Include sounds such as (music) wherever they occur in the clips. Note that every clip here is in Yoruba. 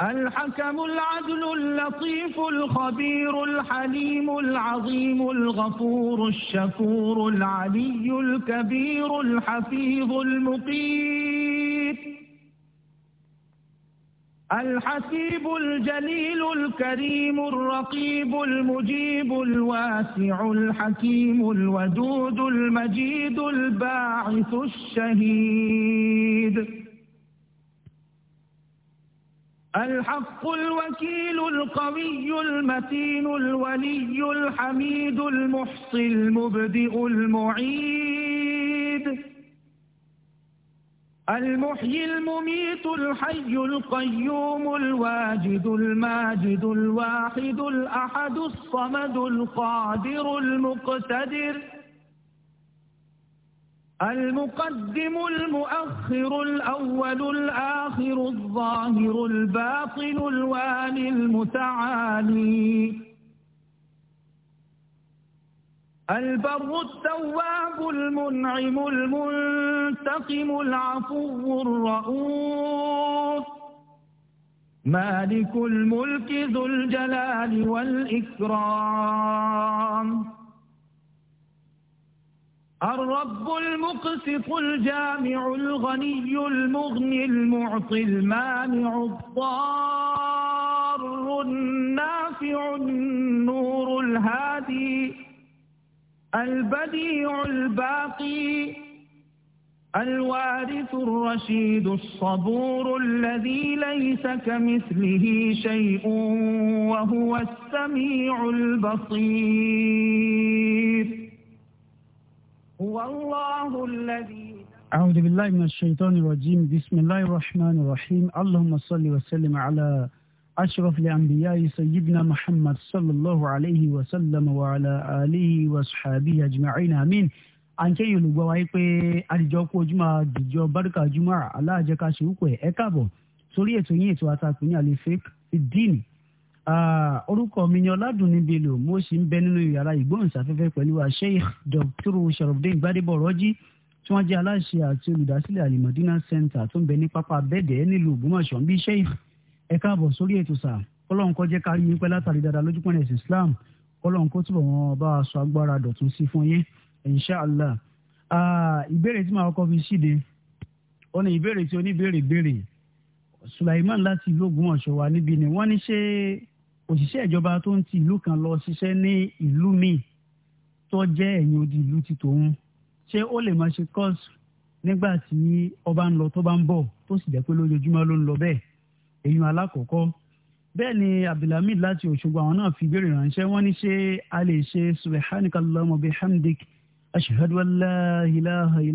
الحكم العدل اللطيف الخبير الحليم العظيم الغفور الشكور العلي الكبير الحفيظ المقيت الحسيب الجليل الكريم الرقيب المجيب الواسع الحكيم الودود المجيد الباعث الشهيد الحق الوكيل القوي المتين الولي الحميد المحصي المبدئ المعيد المحيي المميت الحي القيوم الواجد الماجد الواحد الأحد الصمد القادر المقتدر المقدم المؤخر الأول الآخر الظاهر الباطن الوالي المتعالي البر التواب المنعم المنتقم العفو الرؤوف مالك الملك ذو الجلال والإكرام الرب المقسط الجامع الغني المغني المعطي المانع الضار النافع النور الهادي البديع الباقي الوارث الرشيد الصبور الذي ليس كمثله شيء وهو السميع البصير أعوذ بالله من الشيطان الرجيم بسم الله الرحمن الرحيم اللهم صل وسلم على أشرف الأنبياء سيدنا محمد صلى الله عليه وسلم وعلى آله وصحبه أجمعين آمين à ń ké yìí olùgbọ́ wáyé pé àdìjọ kú ojúmọ́ àdìjọ bárúkà ojúmọ́ aláàjẹká ṣe wúkọ̀ ẹ̀ káàbọ̀ sórí ètò yín ètò àtàkùn ní àlè fèk díìnì orúkọ mi ni ọládùnní bello mo sì ń bẹ nínú yàrá ìgbóhùnsáfẹ́fẹ́ pẹ̀lú sheikh dr sharafdin gbadebo rọ́jí tí wọ́n jẹ́ aláṣẹ àti olùdásílẹ̀ alimọ̀dínà center tó ń bẹ ní pápá bẹ́ẹ̀dẹ́ nílùú ògbómọ̀ṣọ́ bíi sheikh ẹ káàbọ̀ sórí ètò sà kọ́lọ́n kọ́ jẹ́ kárí yín pẹ́ látàrí dáadáa lójúpọ̀n ẹ̀sìn islam kọ́lọ́n kó túbọ̀ wọn bá a sọ agbára dọ̀tún sí fún yín inshallah ìbéèrè tí màá kọ́ fi ṣíde ó ní ìbéèrè tí oníbéèrè béèrè sulaiman láti ìlú ògbómọ̀ṣọ́ wa níbi ni wọ́n ní ṣe òṣìṣẹ́ ìjọba tó ń ti ìlú kan lọ ṣiṣẹ́ ní ìlú míì tó jẹ́ ẹ̀yìn odi ìlú ti tòun ṣé ó lè máa ṣe kọ́ọ̀sì nígbà tí ọba ń lọ tó bá ń bọ̀ tó sì jẹ́ pé lójoojúmọ́ ló ń lọ bẹ́ẹ̀ èèyàn alákọ̀ọ́kọ́ bẹ́ẹ̀ ni abdulhamid láti òṣogbo àwọn náà fi béèrè ránṣẹ́ wọ́n ní ṣé a lè ṣe subhanakallahumma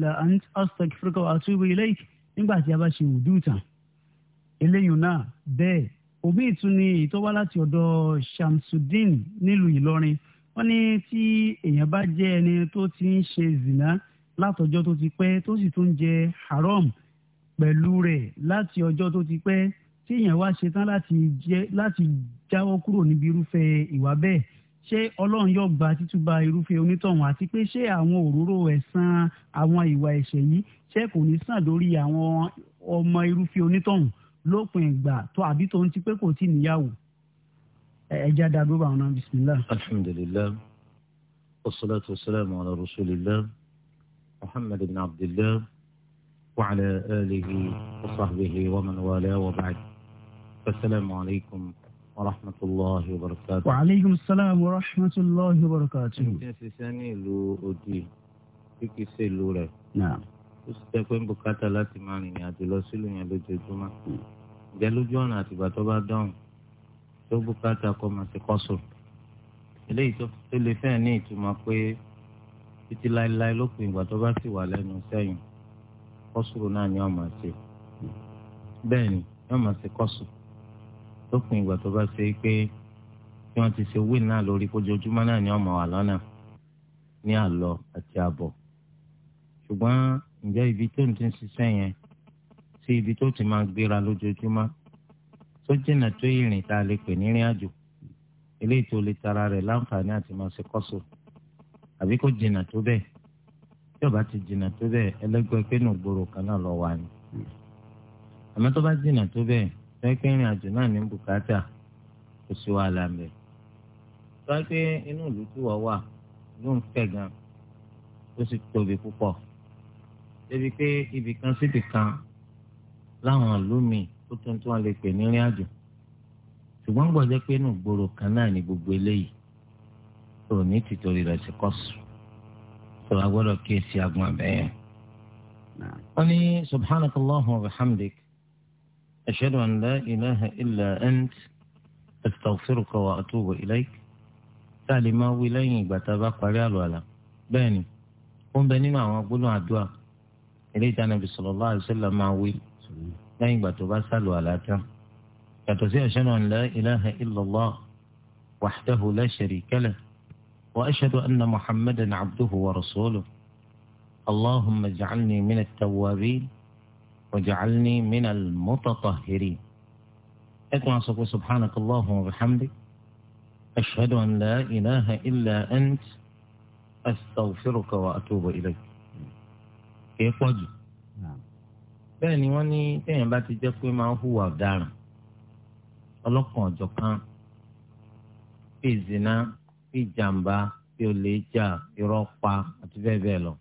la ant astaghfiruka wa atubu ilayk nígbà tí a bá ṣe wùdú tán eléyìí náà bẹ́ẹ̀ òbí ìtún ni èyí tó wá láti ọ̀dọ̀ Shamsudeen nílùú Ìlọrin wọ́n ní tí èèyàn bá jẹ́ ẹni tó ti ń ṣe zina látọjọ́ tó ti pẹ́ tó sì tún jẹ haram pẹ̀lú rẹ̀ láti ọjọ́ tó ti pẹ́ tí èèyàn wá ṣetán láti jáwọ́ kúrò níbi irúfẹ́ ìwà bẹ́ẹ̀ ṣé ọlọ́run yóò gba títúba irúfẹ́ onítọ̀hún àti pé ṣé àwọn òróró ẹ̀san àwọn ìwà ẹ̀ṣẹ̀ yìí ṣé kò ní sàn lórí àwọn ọmọ irúfẹ́ onítọ̀hún lópin ìgbà tó àbí tó ń ti pé kò tí ì níyàwó ẹja dàgbò bá wọn bisimilah. alhamdulilayi wasalaatu wasalaamu ala rasulillah muhammad ibn abdillah wa ala alihi wa sahbihi wa man wala wa ba'd asalaamu alaykum wa rahmatulahi wa barakatuh. wa aleykum salaam wa rahmatulahi wa barakatuh. ǹjẹ́ ti sẹ́ni ìlú odi kíkí sí ìlú rẹ̀. naam. ó sì jẹ́ pé ń bùkátà láti máa rìnrìn àjò lọ sílùú yẹn lójoojúmọ́ ǹjẹ́ lójú ọ̀nà àtìgbà tó bá dáhùn tó bùkátà kọ́ máa ti kọ́sù eléyìí tó lè fẹ́ ní ìtumọ̀ pé títí láéláé lópin ìgbà tó bá sì wà lẹ́nu sẹ́yìn kọ́sù náà ni wọ́n máa ṣe bẹ́ẹ̀ ni wọ́n máa ṣe kọ́sù lópin ìgbà tó bá ṣe pé bí wọ́n ti ṣe wíìn náà lórí kójoojúmọ́ náà ni wọ́n máa wà ǹjẹ́ ibi tó ń ti ń ṣiṣẹ́ ibi tó ti máa gbéra lójoojúmọ́ tó jìnnà tó ìrìn tá a lè pè ní ìrìn àjò eléyìí tó lè tara rẹ̀ láǹfààní àti máa ṣe àbí jìnnà tó bẹ́ẹ̀ tí ti jìnnà tó bẹ́ẹ̀ ẹlẹ́gbẹ́ pé nù gbòòrò kan náà lọ wà ní. àmọ́ tó bá jìnnà tó bẹ́ẹ̀ fẹ́ pé ìrìn àjò náà ní bùkátà kò sí wàhálà ń bẹ̀. débi pé ibì kan síbì kan láwọn ìlú mi tó tó tó wọn lè pè ní rìn àjò ṣùgbọ́n gbọ́dọ̀ pé inú gbòòrò kan náà ni gbogbo eléyìí tó ní tìtorí rẹ̀ sí kọ́sù tó a gbọ́dọ̀ kíyèsí agun àbẹ́yẹn. wọ́n ní subhanakallahumma wa bihamdik ashhadu an la ilaha illa ant astaghfiruka wa atubu ilayk tá máa wí lẹ́yìn ìgbà tá a bá parí àlọ́ àlà bẹ́ẹ̀ ni ó ń bẹ nínú àwọn gbólóhùn àdúrà. eléyìí tí anabi sallallahu alaihi wasallam máa wí lẹ́yìn ìgbà tó bá sálù àlàáta yàtọ̀ sí ashhadu an la ilaha illallah wahdahu la sharika lahu wa ashhadu anna muhammadan abduhu wa rasuluhu allahumma ij'alni min at-tawwabin waj'alni min al-mutatahhirin ẹkùn àsọkù subhanakallahumma wa bihamdik ashhadu an la ilaha illa ant astaghfiruka wa atubu ilayk. kìí pọ̀ jù bẹ́ẹ̀ ni wọ́n ní téèyàn bá ti jẹ́ pé máa ń hùwà ọ̀daràn ọlọ́kan ọ̀jọ̀ kan bíi zina bíi jàǹbá bíi olè jà irọ́ pa àti bẹ́ẹ̀ bẹ́ẹ̀ lọ.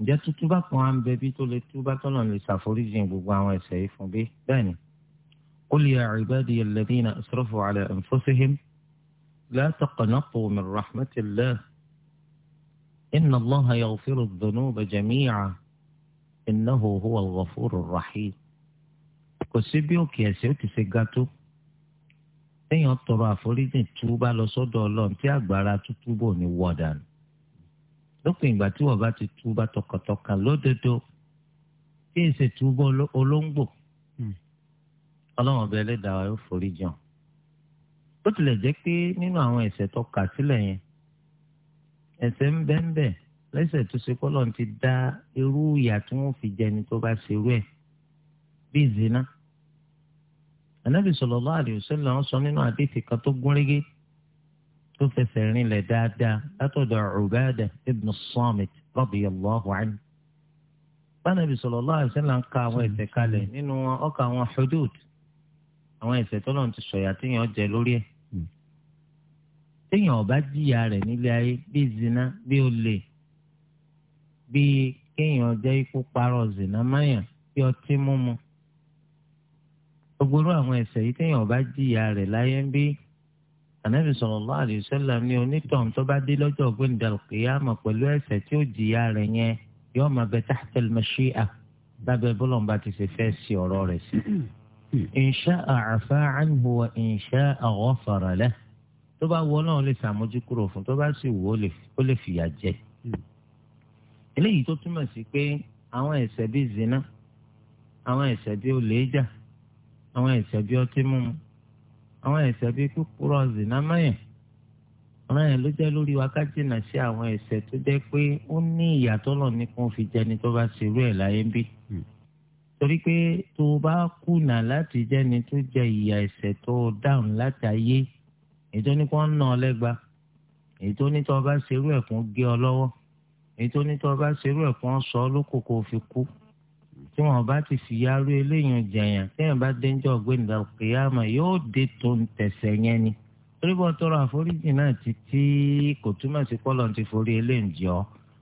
ǹjẹ́ tútúbà kan á ń bẹ bí tó lè túbà tọ́nà lè ṣàforíjì gbogbo àwọn ẹ̀ṣẹ̀ yìí fún bí bẹ́ẹ̀ ni. قل يا عبادي الذين أسرفوا على أنفسهم لا تقنطوا من رحمة الله إن الله يغفر الذنوب جميعا إنه هو الغفور الرحيم kò sí bí òkè ẹ̀ṣẹ̀ ó ti ṣe ga tó téèyàn tọrọ àforíjì túbá lọ sọ́dọ̀ Ọlọ́run tí àgbára tútú bò ní wọdànù lópin ìgbà tí wọ́n bá ti túbá tọkàntọkàn lódodo kí èsì túbọ olóńgbò hmm. Ọlọ́run ọbẹ Ẹlẹ́dàá yóò forí jàn ó tilẹ̀ jẹ́ pé nínú àwọn ẹ̀ṣẹ̀ tó kà sílẹ̀ yẹn ẹ̀ṣẹ̀ ń bẹ́ẹ̀ bẹ́ẹ̀ lẹ́sẹ̀ tó ṣe kọ́lọ̀ ti dá irú ìyà tí wọ́n fi jẹni tó bá ṣe irú ẹ̀ bíi zina. ànábì sallallahu alaihi wasallam ń sọ nínú àdéhìí kan tó gún régé tó fẹsẹ̀ rinlẹ̀ dáadáa látọ̀dọ̀ Ubada ibn Samit radiyallahu anhu. bánàbì sallallahu alaihi wasallam ń ka àwọn ẹ̀ṣẹ̀ kalẹ̀ nínú ọkà àwọn hudud àwọn ẹ̀ṣẹ̀ tọ́lọ́run ti sọ̀yà tíyàn jẹ lórí ẹ̀ téèyàn ọba jìyà rẹ̀ nílé ayé bí zina bí olè bí kéèyàn jẹ́ ikú parọ́ zina máyà bí ọtí mímu gbogbo àwọn ẹ̀ṣẹ̀ yìí téèyàn ọba jìyà rẹ̀ láyé ń bí ànábì sallallahu alaihi wasallam ní onítọ̀hún tó bá dé lọ́jọ́ ọ̀gbìn dàlùkìyàmọ̀ pẹ̀lú ẹ̀ṣẹ̀ tí ó jìyà rẹ̀ yẹn yóò máa bẹ tahta al-mashi'a lábẹ́ bọ́lọ̀mbà ti ṣe fẹ́ sí ọ̀rọ̀ rẹ̀ sí. (coughs) in sha'a afa anhu wa in sha'a ghafara tó bá wọ Ọlọ́run lè ṣàmójúkúrò fún tó bá sì wọ ó lè fìyà jẹ eléyìí tó túmọ̀ sí pé àwọn ẹ̀ṣẹ̀ bíi zina àwọn ẹ̀ṣẹ̀ bíi olèjà àwọn ẹ̀ṣẹ̀ bíi ọtí mímu àwọn ẹ̀ṣẹ̀ bíi kúkúrọ̀ zina mẹ́yìn ọ̀ràn yẹn ló jẹ́ lórí wa ká jìnnà sí àwọn ẹ̀ṣẹ̀ tó jẹ́ pé ó ní ìyàtọ̀ lọ ní kó jẹni tó bá ṣerú ẹ̀ láyé ń bí hmm. torí pé tó bá kùnà láti jẹni tó jẹ ìyà ẹ̀ṣẹ̀ tó dáhùn láti ayé èyí tó ní kó ń nà ọ lẹ́gba èyí tó ní tó o bá ṣerú ẹ̀kún gé ọ lọ́wọ́ èyí tó ní tó o bá ṣerú ẹ̀kún sọ ọ lókòkò fi kú tí wọn bá ti fi yárú eléyìí jẹyàn téèyàn bá dénjọ ọgbẹni dàkúyàmọ yóò dé tó ń tẹsẹ̀ yẹn ni torí bọ́ tọrọ àforíjì náà ti tí kò túmọ̀ sí pọ́lọ́ ti forí eléyìí jọ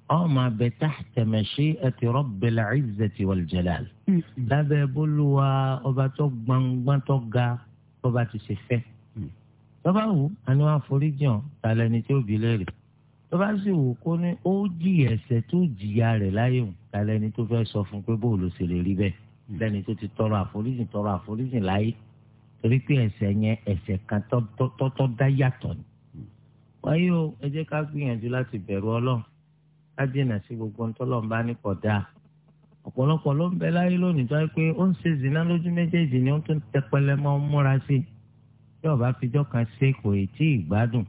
ọ máa bẹ tahta mashi'ati rabbil izzati wal hmm. bólúwa ọba tó gbangban tó ga ọba ti ṣe fẹ́ tó bá wù àní wàá forí jàn tàlẹ́ ni tí ó bi léèrè tó bá sì wù kó ní ó jì ẹ̀ṣẹ̀ tó jìyà rẹ̀ láyé wù tàlẹ́ ni tó fẹ́ sọ fún pé bóòlù sì lè rí bẹ́ẹ̀ hmm. lẹ́ni tó ti tọrọ àforíjì tọrọ àforíjì láyé torí pé ẹ̀ṣẹ̀ yẹn ẹ̀ṣẹ̀ kan tọ́tọ́ dá yàtọ̀ ni. Hmm. wáyé o ẹ jẹ́ ká gbìyànjú láti bẹ̀rù ọlọ́run ká dènà sí gbogbo ntọ́lọ́run bá ní kọ̀ ọ̀pọ̀lọpọ̀ ló ń bẹ láyé lónìí zina lójú méjèèjì ni ó tún tẹpẹlẹ tí ọba fijọ́ kan ṣe kò ì tí ì gbádùn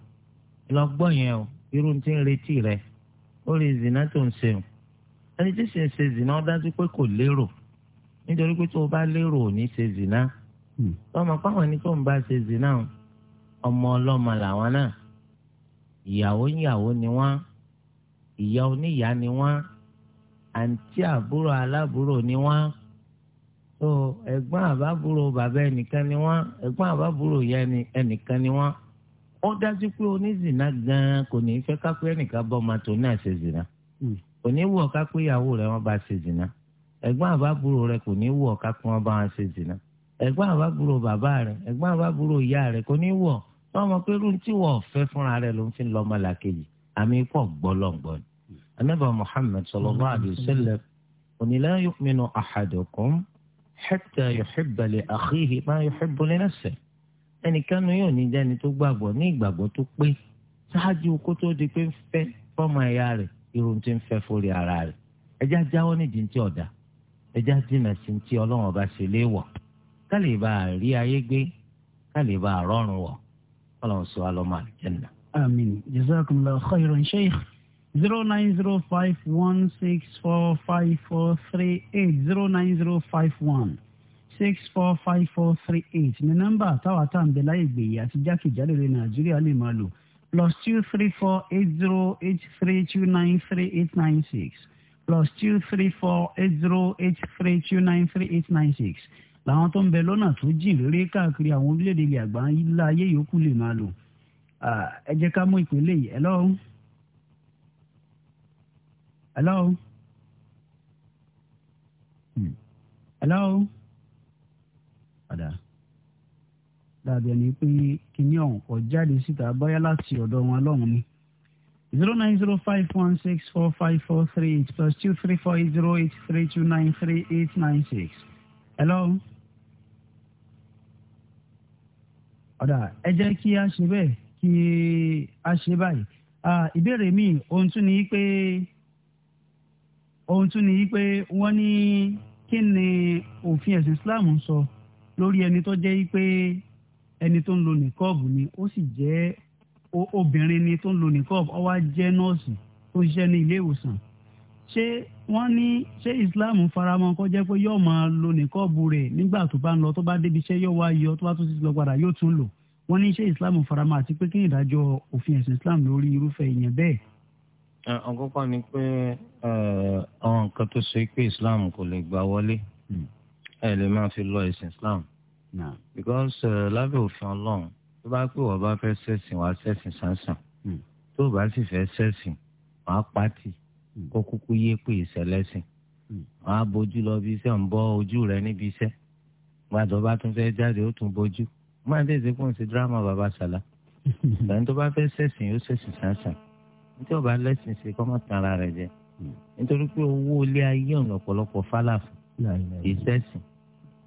lọ gbọ́ yẹn o irú tí ń retí rẹ ó lè zina tó ń ṣe o ẹni tí sì ń ṣe zina ó dájú pé kò lérò nítorí pé tó o bá lérò ò ní ṣe zina hmm. ọmọ páwọn ẹni tó ń bá ṣe zina o ọmọ ọlọ́mọ làwọn náà ìyàwó níyàwó ni wọ́n ìyá oníyàá ni wọ́n àǹtí àbúrò aláàbúrò ni wọ́n so ẹ̀gbọ́n àbábúrò bàbá ẹnìkan ni wọ́n ẹ̀gbọ́n àbábúrò ìyá ẹnìkan ni wọ́n ó dájú pé onízìnnà gan-an kò ní í fẹ́ kápẹ́ ẹnìkan bọ́ ọmọ tó náà ṣe zìnnà hmm. kò ní í wọ̀ kápẹ́ ìyàwó rẹ̀ wọ́n bá ṣe zìnnà ẹ̀gbọ́n àbábúrò rẹ̀ kò ní í wọ̀ kápẹ́ wọ́n bá wọn ṣe zìnnà ẹ̀gbọ́n àbábúrò bàbá rẹ̀ ẹ̀gbọ́n àbábúrò ìyá rẹ̀ kò ní í wọ̀ wọ́n mọ̀ pé irú tí wọ́n fẹ́ fúnra rẹ̀ ló ń fi lọ́mọ làkejì hatta yuhibba li akhihi ma yuhibbu li nafsihi ẹnìkan nu yóò ní jẹ́ni tó gbàgbọ́ ní ìgbàgbọ́ tó pé ṣáájú kó tó di pé ń fẹ́ fọ́mọ ẹ̀yà rẹ̀ irun tí ń fẹ́ forí ara rẹ̀ ẹja jáwọ́ nídìí ní ti ọ̀dà ẹja jìnnà sí ti ọlọ́run ọba ṣe léèwọ̀ ká lè bá rí ayé gbé ká lè bá rọrùn wọ̀ ọlọ́run sọ wa lọ́mọ àlùjànnà. àmín jazakumullahu khairan sheikh zero nine zero five one six four five four three eight zero nine zero five one six four five four three eight ní nọ́mbà táwa tá à ń bẹ láyé gbèyí àti jákèjádò rẹ nàìjíríà lè máa lò plus two three four eight zero eight three two nine three eight nine six plus two three four eight zero eight three two nine three eight nine six làwọn tó ń bẹ lọ́nà tó jìn lórí káàkiri àwọn orílẹ̀-èdè ilẹ̀ àgbáńlá ayé yòókù lè máa lò ẹ jẹ́ ká mú ìpínlẹ̀ yìí ẹ lọ́rùn hello hmm. hello padà dàbí ẹni pé kíní ọ̀hún kò jáde síta bóyá láti ọ̀dọ̀ wọn lọ́hùn-ún ni zero nine zero five one six four five four three eight plus two three four eight zero eight three two nine three eight nine six hello. ọ̀dà ẹ jẹ́ kí a ṣe bẹ́ẹ̀ kí a ṣe báyìí ìbéèrè mi ohun tún ni pé ohun tún ni pé wọ́n ní kí ni òfin ẹ̀sìn Islam ń sọ lórí ẹni tó jẹ́ pé ẹni tó ń lo nìkọ́ọ̀bù ni ó sì jẹ́ obìnrin ni tó ń lo nìkọ́ọ̀bù ó wá jẹ́ nọ́ọ̀sì tó ń ṣiṣẹ́ ní ilé ìwòsàn ṣé wọ́n ní ṣé Islam faramọ́ kó jẹ́ pé yóò máa lo nìkọ́ọ̀bù rẹ̀ nígbà tó bá ń lọ tó bá débi iṣẹ́ yóò wá yọ tó bá tún ti lọ padà yóò tún lò wọ́n ní ṣé Islam faramọ́ àti pé kí ni òfin ẹ̀sìn Islam lórí irúfẹ́ ìyẹn bẹ́ẹ̀ àkọ́kọ́ ni pé àwọn nǹkan tó ṣe pé islam kò lè gbà wọlé hmm. ẹ lè máa fi lọ ẹ̀sìn islam because lábẹ́ òfin ọlọ́run tó bá pè wọ́n bá fẹ́ ṣẹ̀sìn wàá ṣẹ̀sìn sánsan hmm. tó bá sì fẹ́ ṣẹ̀sìn wàá pàtì hmm. kó kúkú yé pé ìṣẹ̀lẹ̀sìn wàá bójú lọ bí iṣẹ́ ń bọ́ ojú rẹ níbi iṣẹ́ gbàdọ̀ bá tún fẹ́ jáde ó tún bójú máa dé ìdínkù sí dírámà bàbá sàlá ìgbà tó bá fẹ́ ṣẹ̀sìn yóò ṣẹ̀sìn sánsan nítorí ọba lẹ́sìn ṣe kọ́ máa tan ara rẹ̀ jẹ hmm. nítorí pé owó ilé ayé ọ̀nà ọ̀pọ̀lọpọ̀ fálàfù ìṣẹ́sìn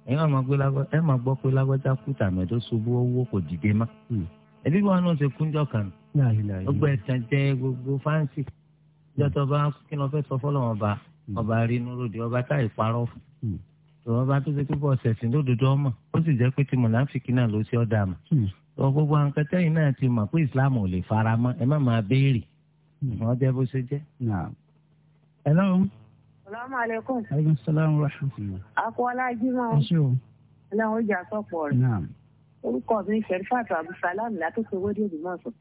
ẹ máa gbé lágbá ẹ máa gbọ́ pé lágbájá kú tàmẹ́dó ṣubú owó kò dìde má hmm. ẹbí wọn náà ṣe kúnjọ kan gbogbo ẹ̀tàn jẹ gbogbo fáǹsì ìjọba bá kí lọ fẹ́ sọ fọlọ́wọ́n bá hmm. ọba rínú lòdì ọba táyì parọ́ fún tọ́wọ́ bá tó ṣe pé bọ́ọ̀ sẹ̀sìn lódodo ọmọ ó sì jẹ́ pé ti mọ̀láfíkì náà ló ṣe ọ̀dà mà. tọ́ gbogbo àǹkẹ́tẹ́ náà ti mọ̀ pé ìsìláàmù ò lè fara mọ́ ẹ má máa béèrè wọn jẹ bó ṣe jẹ. hello. salaamu aleykum. aleykum salaam wa rahmatulah. akọ́lá jimá. ẹ ṣe o. ọlọ́run ó jà sọ̀pọ̀ rẹ̀. orúkọ mi sherifat abdulsalam látòkè wọ́dí òdìmọ̀sán.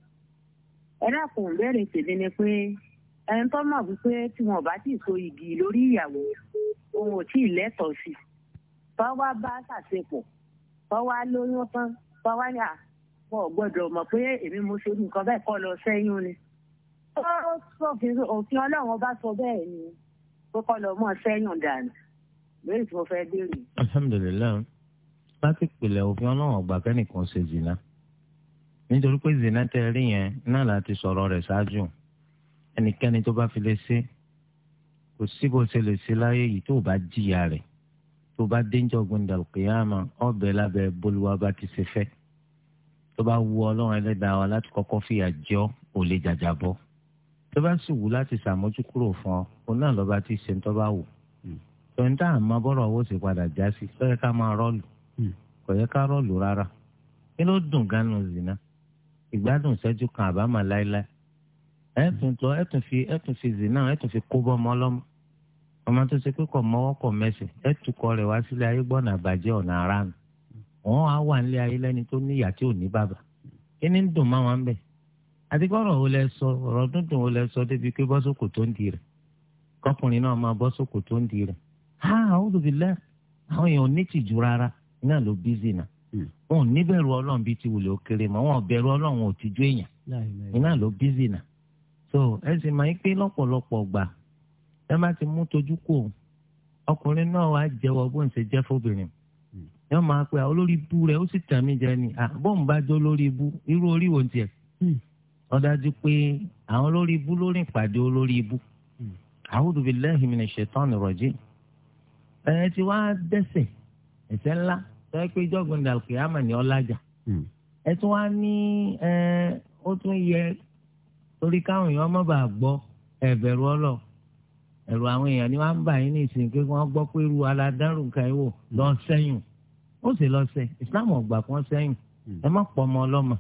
ẹ dákun bẹ́ẹ̀rẹ̀ tèmi ni pé ẹni tó mọ̀ wípé tí wọn bá ti so igi lórí ìyàwó òun ò tí ì lẹ́tọ̀ọ́ sí i. tọ́wá bá ṣàṣepọ̀ tọ́wá lóyún tán tọ́wá yà wọ́n gbọ́dọ̀ mọ̀ pé èmi mo ṣe nǹkan bẹ́ẹ̀ kọ́ lọ sẹ́yún ni ó sọ kìí òfin ọlọ́run bá sọ bẹ́ẹ̀ ni pé kọ́ lọ́mọ sẹ́yìn dànù lórí tí mo fẹ́ béèrè. alhamdulilayi láti pèlè òfin ọlọ́run ọgbà kẹ́nìkan ṣe zina nítorí pé zina tẹ rí yẹn náà láti sọ̀rọ̀ rẹ̀ ṣáájú ẹnikẹ́ni tó bá fi lè ṣe kò sí bó ṣe lè ṣe láyé yìí tó bá jìyà rẹ̀ tó bá dénjọ́ gbẹ̀ndàlù kìyàmà ọbẹ̀ lábẹ́ bolúwa bá ti ṣe fẹ́ tó bá wu ọlọ́run ẹlẹ́dàá wa láti kọ́kọ́ fìyà jọ́ ò tó bá sì wù láti ṣàmójú kúrò fún ọ òun náà lọ́ba tí ṣe ń bá wù tòun tá à ń mọ bọ́rọ̀ owó sì padà já sí yẹ ká máa rọ́ọ̀lù hmm. yẹ ká rọ́ọ̀lù rárá kí zina ìgbádùn kan àbámọ̀ fi fi zina fi kó bọ́ ọmọ tó ṣe pé kò mọ́wọ́ kò mẹ́sẹ̀ kọ rẹ̀ wá sílé ayé àti gbọ́rọ̀ wo lẹ sọ ọ̀rọ̀ dúndùn wo lẹ sọ débi pé tó ń di rẹ̀ kọkùnrin náà máa bọ́sọ̀kò tó ń di rẹ̀ ha àwòdùbílẹ̀ àwọn èèyàn ní rárá náà ló bí zina wọn ò ní bẹ̀rù bíi ti wùlé òkèrè mọ wọn ò ò èèyàn ló so hmm. pe olórí ibú ó sì jẹ ni wọ́n dájú pé àwọn olórí ibú lórí ìpàdé olórí ibú hmm. a'udhu billahi minash shaitani rajim ẹ̀ ti wá dẹ́ṣẹ̀ ẹ̀ṣẹ̀ ńlá tọ́ pé jọ́gbìn dàlùkì àmà ni ọlájà hmm. ẹ̀ tún wá ní ó tún yẹ torí káwọn èèyàn má bàa gbọ́ ẹ̀bẹ̀rù ọlọ́ ẹ̀rù àwọn èèyàn ni wọ́n ń bà yín ní ìsìn pé wọ́n gbọ́ pé irú aládàrú nǹkan ẹ̀ lọ sẹ́yìn ó sì lọ sẹ́ ìsìlámù ọ̀gbà kan sẹ́yìn hmm. ẹ má pọ̀ ọmọ ọlọ́mọ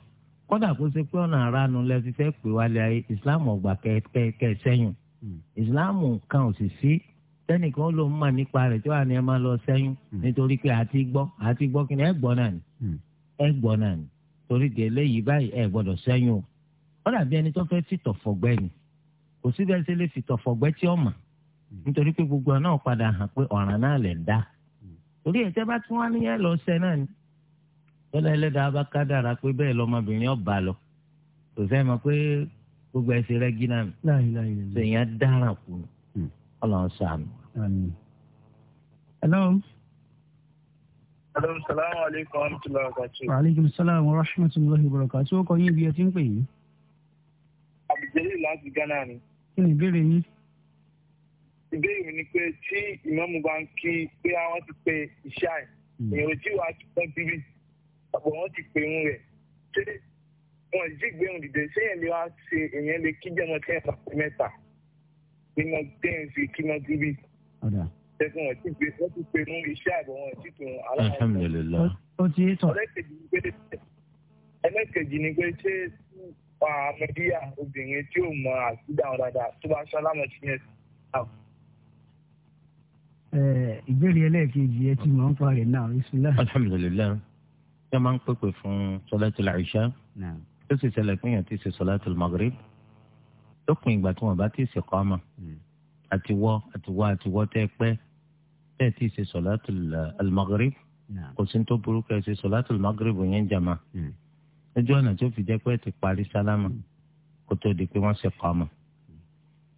kódà kó ṣe pé ọ̀nà àránú lẹ́sìn fẹ́ pè wálé ayé islam ọ̀gbà kẹ̀kẹ́ sẹ́yìn hmm. islam kan ò sì sí tẹ́nìkan ló ń mà nípa rẹ̀ tí wàá ní ẹ máa lọ sẹ́yìn hmm. nítorí pé àti gbọ́ àti gbọ́ kí ni ẹ gbọ́ náà ni hmm. ẹ gbọ́ náà ni torí di eléyìí o ó dàbí ẹni tó ni kò lè tí ó mà nítorí pé gbogbo padà hàn pé tọ́lá ẹlẹ́dàá bá ká dára pé bẹ́ẹ̀ lọ́mọbìnrin ọba lọ kò sẹ́yìn mọ̀ pé gbogbo ẹsẹ̀ rẹ gí náà mi sèyàn dára kù hmm. ọlọ́run sànù. hello. hello salaam aleykum rahmatulahi wa barakatu. wa aleykum salaam wa rahmatulahi wa barakatu. ó kọ yín bí ẹ ti ń pè yín. àbùjẹ́lì láti Ghana ni. kí ni ìbéèrè yín. ìbéèrè ni pé tí ìmọ̀mù bá ń kí pé àwọn ti pe ìṣáì hmm. èrò tí wàá ti pẹ́ bíbí ọ̀pọ̀ wọn ti pè ń rẹ̀ ṣé wọn jí gbẹ̀hùn dìde ṣé èèyàn lè wá ṣe èèyàn lè kí jẹ́mọ tí èèyàn fàṣẹ mẹ́ta ní wọn tẹ́yìn sí kí wọn dúbí. ṣẹ́gun wọn ti pè wọ́n ti pè ń iṣẹ́ àbọ̀ wọn ti tún aláwọ̀ Alhamdulillah. ó ti tàn. ẹlẹ́kẹ̀jì ni pé ṣé àmọ́díyà obìnrin tí ò mọ àtúndà wọn dáadáa tó bá ṣálámọ̀ sí yẹn ìbéèrè ẹlẹ́ẹ̀kejì ẹ ti mọ̀ ń parẹ̀ náà bisimilá. alhamdulilayi ṣé máa ń pèpè fún sọlátì làìṣá tó sì ṣẹlẹ̀ pé èèyàn ti ṣe sọlátì magrib lópin ìgbà tí wọ́n bá ti ṣe kọ́mà hmm. àtiwọ́ àtiwọ́ àtiwọ́ tẹ́ pẹ́ tẹ́ ti ṣe sọlátì eh, magrib kò sí tó burú kẹ́ ṣe sọlátì magrib yẹn jàmá hmm. lójú ọ̀nà tó fi jẹ́ pé ti parí sálámà hmm. kó tó di pé wọ́n ṣe kọ́mà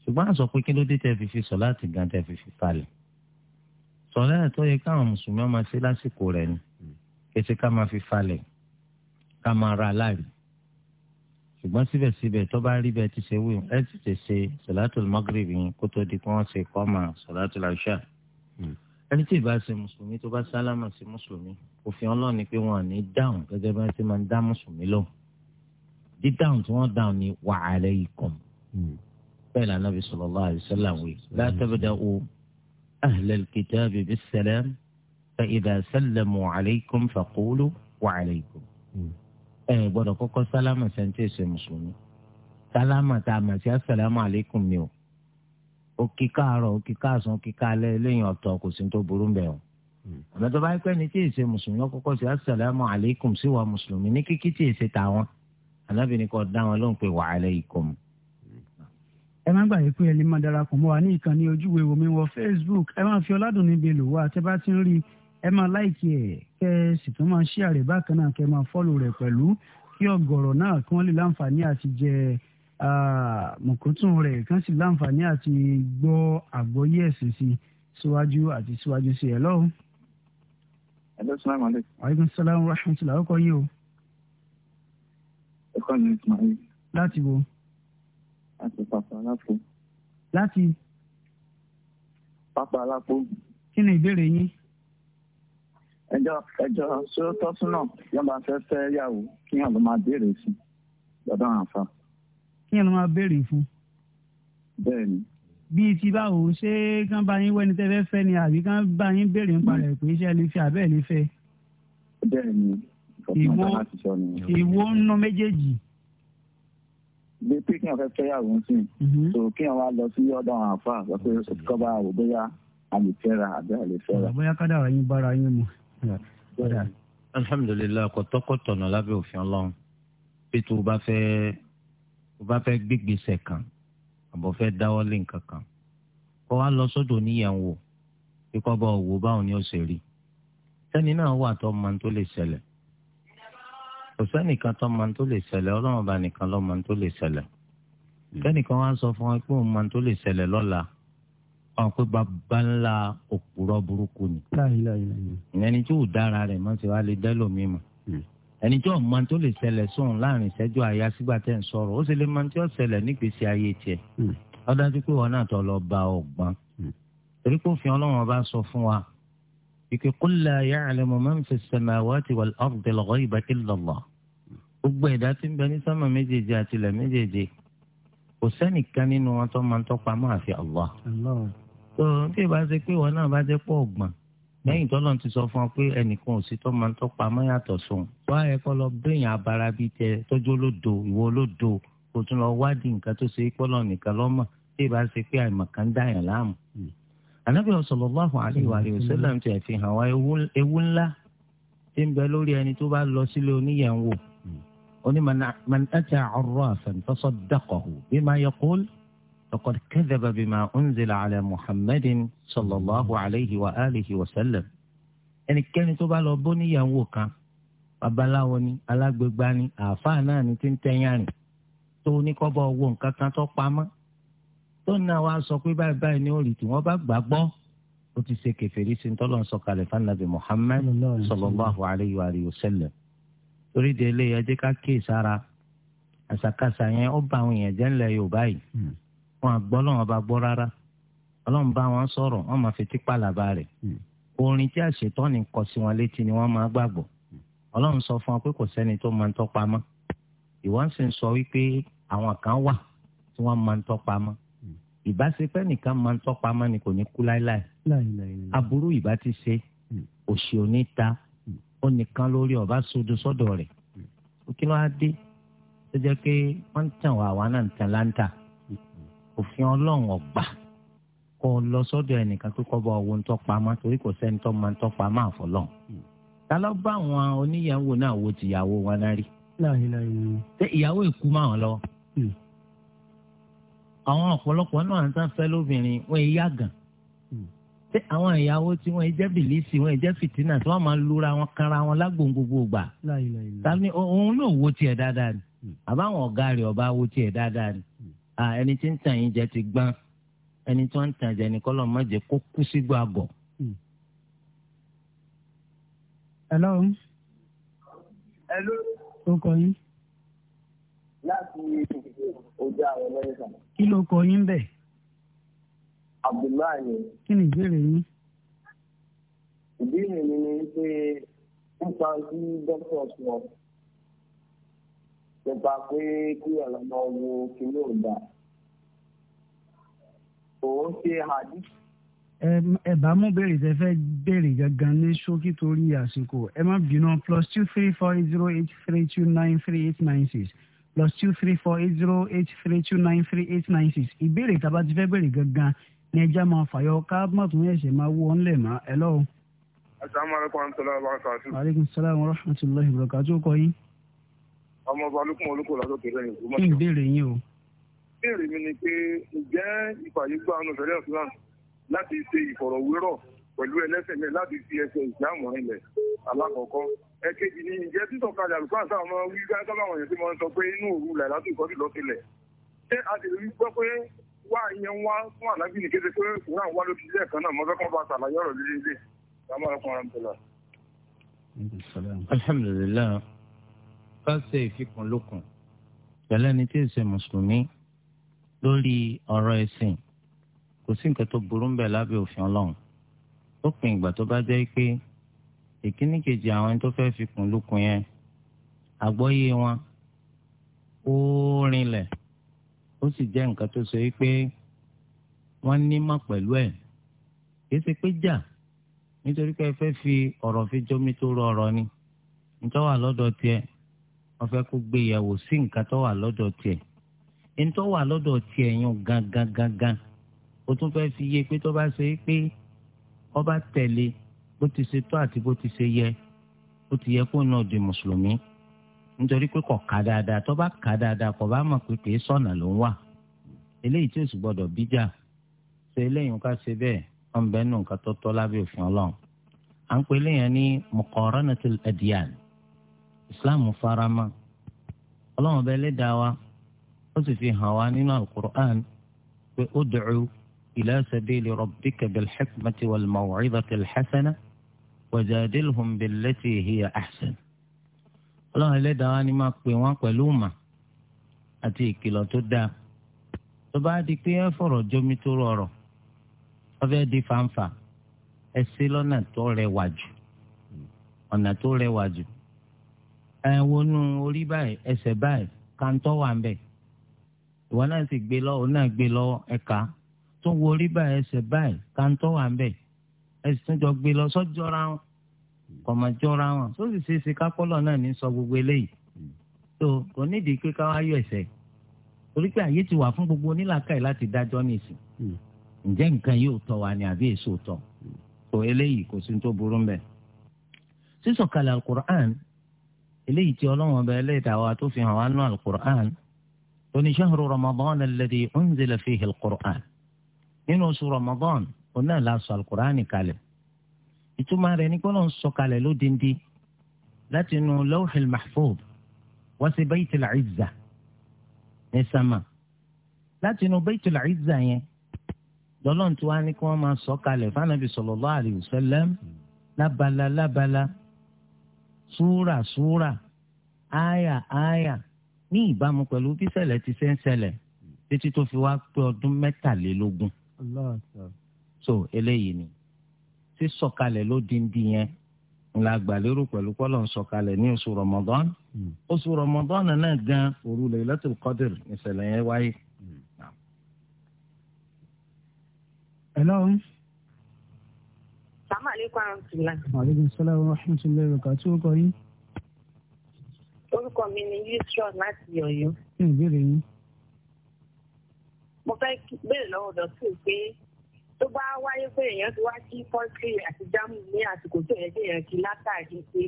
ṣùgbọ́n àṣọ pé kí ló dé tẹ́ fi fi sọlátì gan tẹ́ fi fi falẹ̀ sọlátì tó yẹ káwọn mùsùlùmí ètè ká máa fi falẹ̀ ká máa ra aláàrí ṣùgbọ́n síbẹ̀síbẹ̀ tó bá rí bẹ́ẹ̀ ti ṣe wí ẹ ti tẹ̀ ṣe sọ̀látùl magrib yẹn kó tó di kí wọ́n ṣe kọ́mà sọ̀látùl àṣà hmm. ẹni tí ìbá ṣe mùsùlùmí tó bá sálámà sí mùsùlùmí òfin ọlọ́run ni pé wọn ò ní dáhùn gẹ́gẹ́ bí wọ́n ti máa ń dá mùsùlùmí lọ dídáhùn tí wọ́n dáhùn ni wa alaykum hmm. bẹ́ẹ̀ ni anábì sallallahu alaihi wasallam la tabda'u ahlal kitabi bis salam فإذا سلموا عليكم فقولوا وعليكم ẹ gbọ́dọ̀ kọ́kọ́ sálámà sẹńtẹ ṣe mùsùlùmí sálámà tá a mà sí asàlámù àlékún mi o ó kí káàárọ̀ ó kí káàsán ó kí káalẹ́ lẹ́yìn ọ̀tọ̀ kò sí tó burú bẹ o mm. àmọ́ tó bá yẹ pé ní tí èsè mùsùlùmí ọkọkọ sí asàlámù àlékún sí wa mùsùlùmí ní kíkí tí èsè tàwọn anábì ní kò dá wọn lóhùn pé wa alaykum. ẹ má gbàgbé pé ẹ lè máa darapọ̀ mọ́ wa ní ìkànnì ojúwe omi wọ Facebook ẹ máa fi ọládùn níbi èlò wa àtẹ́bá ti ń rí i ẹ máa láìkí ẹ̀ kẹ́ ẹ sì tún máa share rẹ̀ bákan náà kẹ́ ẹ máa follow rẹ̀ pẹ̀lú kí ọ̀gọ̀rọ̀ náà kí wọ́n lè láǹfààní àti jẹ mọ̀kútùn rẹ̀ kí wọ́n sì láǹfààní àti gbọ́ àgbọ́yé ẹ̀sìn sí síwájú àti síwájú sí ẹ̀ lọ́hùn. ẹ̀lọ́ sàlámù alẹ́kùn. aleykum salaam wa rahmatulah ọkọ yìí o. ẹ̀kọ́ mi Ismail. láti wo. láti pàpà alápò. láti. pàpà alápò. kí ni ìbéèrè yín ẹjọ́ ẹjọ́ ṣó tọ́sùn náà yọba fẹ́ fẹ́ yàwó kí yàn ló máa béèrè fún lọ́dọ̀ àǹfà. kí yàn ló máa béèrè fún. bẹ́ẹ̀ni. bíi ti báwo ṣé kán bá yín wẹ́ni tẹ́fẹ́ fẹ́ ni àbí kán bá yín béèrè nípa rẹ̀ pé iṣẹ́ lè fi àbẹ́ẹ̀ lè fẹ́. bẹ́ẹ̀ni ìwọ ìwọ ń ná méjèèjì bí pé kí wọn fẹ́ fẹ́ yàwó sí mhm. so kí wọn wá lọ sí ọ̀dọ̀ àwọn lọ pé kọba àwò bóyá a lè fẹ́ra àbí a lè fẹ́ra. bóyá kádàrá yín bára yín mu alhamdulilayi kọtọkọtọnà lábẹ́ òfin Ọlọ́run pété o bá fẹ́ o bá fẹ́ gbégbèsè kan àbọ fẹ́ dáwọ́lé nǹkan kan kó wa lọ sọ́dọ̀ níyàn wò kíkọ bá wò báwọn ni ó ṣe rí sẹ́ni náà wà tó máa tó lè ṣẹlẹ̀ kò sẹ́nìkan tó máa tó lè ṣẹlẹ̀ Ọlọ́run bá nìkan ló máa tó lè ṣẹlẹ̀ hmm. sẹ́nìkan wá sọ fún wa pé òun tó lè ṣẹlẹ̀ lọ́la àwọn pé bàbá ńlá òpùrọ̀ burúkú ni. ìyẹn ni tí ò dára rẹ̀ mọ́ sí wa lè dẹ́lòmíì mọ́ hmm. ẹni tí ọmọ tó lè ṣẹlẹ̀ sóun láàrin ìṣẹ́jú àyà sígbà tẹ̀ ń sọ̀rọ̀ ó sì lè máa tí ó ṣẹlẹ̀ nígbèsè ayé tiẹ̀ hmm. ó dájú pé wọn náà tó lọ bá ọgbọ́n hmm. torí pé òfin ọlọ́run bá sọ fún wa ìpè qul la ya'lamu man fi as-samawati wal ardi al-ghayba tó tí ì bá ṣe pé ìwọ náà bá jẹ́ pọ̀ ọ̀gbọ̀n lẹ́yìn tó lọ́n ti sọ fún ọ pé ẹnìkan ò sí tó máa ń tọ́pa mọ́ yàtọ̀ sùn wá ẹ kọ́ lọ bẹ́yìn abara bíi tẹ tọ́jú olódo ìwọ olódo kò tún lọ wádìí nǹkan tó ṣe pọ́lọ́ nìkan lọ́mọ tí ì ṣe pé àìmọ̀kan dáyàn láàmú. Hmm. ànábì sallallahu alaihi wa sallam ti fi hàn wá ewu ńlá tí ń bẹ lórí ẹni tó bá lọ sílé oníyẹ̀wò oní hmm. فقد كذب بما أنزل على محمد صلى الله عليه وآله وسلم ẹnikẹ́ni tó bá lọ bó níyàwó kan babaláwo ni alágbègbà ni àáfàá náà ni ti ń tẹ̀yàn tó ní kọ́ bá owó nǹkan kan tó pamọ́ tó náà wá sọ pé báyìí báyìí ni ó rì tí wọ́n bá gbàgbọ́ ó ti ṣe kẹfẹ́rí sí tọ́lọ́ ń sọ fanabi Muhammad sallallahu alayhi wa sallam torí de ilé ẹjẹ́ ká kéè sára àṣàkáṣà yẹn ó bá àwọn èèyàn jẹ́ ńlẹ̀ Yorùbá yìí wọn àgbọ́ lọ́wọ́ bá gbọ́ rárá ọlọ́run bá wọn sọ̀rọ̀ wọn máa fi tipa làbá rẹ̀ hmm. orin tí àṣetọ́ ni kọ sí wọn létí ni wọ́n máa gbàgbọ́ hmm. ọlọ́run sọ fún wọn pé kò sẹ́ni tó máa ń tọ́pa mọ́ ìwọ́n sì ń sọ wípé àwọn kan wà tí wọ́n máa ń tọ́pa mọ́ hmm. ìbáṣepẹ́ nìkan máa ń tọ́pa mọ́ ni kò ní kú láéláé aburú ìbá ti ṣe òṣì òní ta ó nìkan lórí ọba sodo sọ́dọ̀ rẹ̀ kí ló á dé tó jẹ́ pé wọ́n ń tàn wá àwa náà ń tàn láǹtà òfin ọlọ́run ọ̀gbà kó o lọ sọ́dọ̀ ẹnìkan tó kọ́ bá owó ńtọ́ pamọ́ torí kò sẹ́ni tó máa ń tọ́ pamọ́ àfọlọ́run. ta ló bá àwọn oníyàwó náà wo tìyàwó wọn náà rí. ṣé ìyàwó ìkú máa wọn lọ́wọ́. Hmm. àwọn ọ̀pọ̀lọpọ̀ náà ń tán fẹ́ lóbìnrin wọ́n ẹ yá gan. ṣé àwọn ìyàwó tí wọ́n jẹ́ bìlísì wọ́n jẹ́ fìtínà tí wọ́n máa lura wọn kanra wọn lágbóngbògbò gbà. ta ni òun náà wo tiẹ̀ dáadáa ni hmm. àbáwọn ọ̀gá ẹni tí ń tàn yín jẹ ti gbọ́n ẹni tí wọ́n ń tàn jẹ ní kọ́lọ́ má jẹ́ kó kú sígbó àgọ̀. Hmm. hello. hello. ó kọ yín. láti ojú àwọn mẹ́rìndà. kí ló kọ yín bẹ́ẹ̀. abdullahi. kí ni ìbéèrè yín. ìbéèrè mi ni pé nípa tí dókítà sọ nípa pé kí ọ̀nà máa wo kí ló dáa òun ṣe àdí. ẹ bá mú béèrè tẹ fẹ́ béèrè gangan ní ṣókí torí àsìkò ẹ má bínú plus two three four eight zero eight three two nine three eight nine six plus two three four eight zero eight three two nine three eight nine six ìbéèrè tá a bá ti fẹ́ béèrè gangan ní ẹja máa fàyọ ká má tún ẹ̀ṣẹ̀ máa wọ ọ́nlẹ̀ mọ́ ẹ lọ́wọ́. asalaamualeykum wa rahmatulahi wa barakatu. aleykum salaam wa rahmatulahi wa barakatu kọ́ yín. ọmọ ọba olúkúmọ̀ olúkúmọ̀ lọ́dọ̀ kẹrẹ́ ni. ìbéèrè yín o ìbéèrè mi ni pé ǹjẹ́ ìfàyègbà ọ̀nà ìfẹ́lẹ́ islam láti ṣe ìfọ̀rọ̀wérọ̀ pẹ̀lú ẹlẹ́sẹ̀ mẹ́rin láti fi ẹsẹ̀ ìsìlámù rinlẹ̀ alákọ̀ọ́kọ́ ẹ̀kejì ni ǹjẹ́ títọ̀kalẹ̀ àlùfáà sáà máa wí gágá báwọn èèyàn ti máa ń sọ pé inú òru làlá tó ìkọ́jú lọ́kẹlẹ̀ ṣé a sì rí gbọ́ pé wá ìyẹn wá fún àlábì ní kété pé òun àwọn wá lókè ilé ẹ̀kan náà mọ́fẹ́ kan bá ṣàlàyé ọ̀rọ̀ líle ilé sàmú ọkùnrin àmì alhamdulilayi ká ṣe ìfikùn lókun tẹlẹ ni tí ì ṣe mùsùlùmí lórí ọ̀rọ̀ ẹ̀sìn kò sí nǹkan tó burú ń bẹ lábẹ́ òfin ọlọ́run ó pin ìgbà tó bá jẹ́ pé ìkíní kejì àwọn ẹni tó fẹ́ fi kùn lukùn yẹn àgbọ́yé wọn ó rinlẹ̀ ó sì jẹ́ nǹkan tó sọ pé wọ́n ní mọ̀ pẹ̀lú ẹ̀ kì í ṣe pé jà nítorí pé ẹ fẹ́ fi ọ̀rọ̀ fi jómi tó rọ ọ̀rọ̀ ni nítorí wà lọ́dọ̀ tiẹ̀ wọ́n fẹ́ kó gbé sí nǹkan tó wà lọ́dọ̀ tiẹ̀ ntọ́ wà lọ́dọ̀ tiẹ̀ yan gangan gangan o tún fẹ́ fi yé pé tó bá ṣe é pé ọba tẹ̀lé bó ti ṣe tó àti bó ti ṣe yẹ ó ti yẹ kó náà di mùsùlùmí nítorí pé kò ká dáadáa tó bá ká dáadáa kò bá mọ̀ pé kìí sọ̀nà ló ń wà eléyìí tí o sì gbọ́dọ̀ bíjà ṣe eléyìí ká ṣe bẹ́ẹ̀ wọn bẹ nù nǹkan tó tọ́ lábẹ́ òfin ọlọ́run à ń pè léyìn ní muqaranatul adyan islam farama ọlọ́run bẹ́ẹ̀ lé dáa wa ó sì fi hàn wá nínú alukur'an pé ó dùcú ilá sabili rabbika bilxikmati walmawcidati alxasana wajadilhum bilati hiya axsan. ọlọ́run ẹlẹ́dàá wa ni máa pè wọ́n pẹ̀lú mà àti ìkìlọ̀ tó dáa tó bá di pé ẹ fọ̀rọ̀ jómi tó rọrọ̀ wọ́n fẹ́ di fanfa ẹ ṣe lọ́nà tó rẹwà jù ọ̀nà tó rẹwà jù ẹ wọnú orí báyìí ẹsẹ̀ báyìí kàńtọ́ wà ń bẹ̀ ìwọ náà sì gbé lọ́wọ́ náà gbé lọ́wọ́ ẹ̀ka tó ń wo orí báyìí ẹsẹ̀ báyìí káńtọ́ wà ń bẹ̀ ẹsẹ̀ tó jọ gbé lọ sọ́jọ́ra wọn kọ̀mọ̀ jọra wọn tó sì ṣe é ṣe kápọ́lọ̀ náà ní sọ gbogbo eléyìí tó kò nídìí pé káwá yọ ẹsẹ̀ torí pé àyè ti wà fún gbogbo onílàkàì láti dájọ́ nìsín ǹjẹ́ nǹkan yóò tọ́ wa ni àbí èso tọ́ tó eléyìí kò sí tó burú mbẹ́ sísọ̀kalẹ̀ alukur'an eléyìí tí ọlọ́wọ́n bẹ ẹlẹ́dàá wa tó fi hàn wá nù alukur'an oní shahru ramadan alladhi unzila fihi alqur'an nínú oṣù ramadan òun náà la sọ alqur'an kalẹ̀ ìtumọ̀ rẹ̀ ní kọ́nà ń sọ kalẹ̀ lódindi láti inú lawhil mahfuz wá sí baytil izza ní sama láti inú baytil izza yẹn lọ́lọ́run tí wàá ní kí wọ́n máa sọ fanabi sallallahu alayhi wa súra súra áyà áyà ní ìbámu pẹ̀lú bí ṣẹlẹ̀ ti ṣe ń ṣẹlẹ̀ títí tó fi wá pé ọdún mẹ́tàlélógún. so eléyìí ni sísọ̀kalẹ̀ ló díndín yẹn ńlá gbàlérò pẹ̀lú pọ́lọ̀ ń sọ̀kalẹ̀ ní oṣù rọmọdán hmm. oṣù rọmọdán náà gan òru Laylatul Qadr ìṣẹ̀lẹ̀ yẹn wáyé. Hmm. hello. sàmàlíkọ̀ àrùn tìlá. maaleykum salaam wa rahmatulahi wa barakatuh orúkọ mi ni yusron láti Ọ̀yọ́. kí ni ìbéèrè yín. mo fẹ́ béèrè lọ́wọ́ dọ̀tí pé tó bá wáyé pé èèyàn ti wá sí pọ́ńtì àti jámù ní àsìkò tó yẹ kéèyàn kí látàrí pé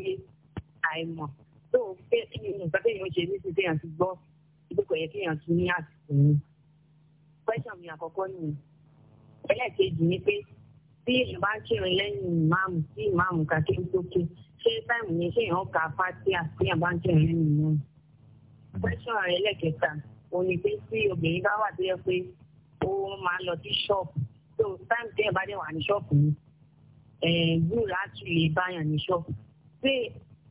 àìmọ̀ tó ń pé nǹkan téèyàn ṣe ní sísè yàn ti gbọ́ ìdókòó yẹ kéèyàn tún ní àsìkò yìí. pẹ́sàn mi àkọ́kọ́ nìyí. ẹlẹ́ẹ̀kejì ni pé bí èèyàn bá ń lẹ́yìn ìmáàmù sí ìmáàmù kàkéńtókè ṣé táìmù ni kéèyàn ka fatia kéèyàn bá ń kí ẹ̀yẹ́ nìyẹn. pẹ́sọ̀n rẹ̀ lẹ́kẹ̀ẹ́ta ò ní pé tí obìnrin bá wà tó yẹ pé ó máa lọ sí ṣọ́ọ̀bù tó táìmù kéèyàn bá dẹ̀ wà ní ṣọ́ọ̀bù ni gbúrò eh, láti lè báyàn ní ṣọ́ọ̀bù. pé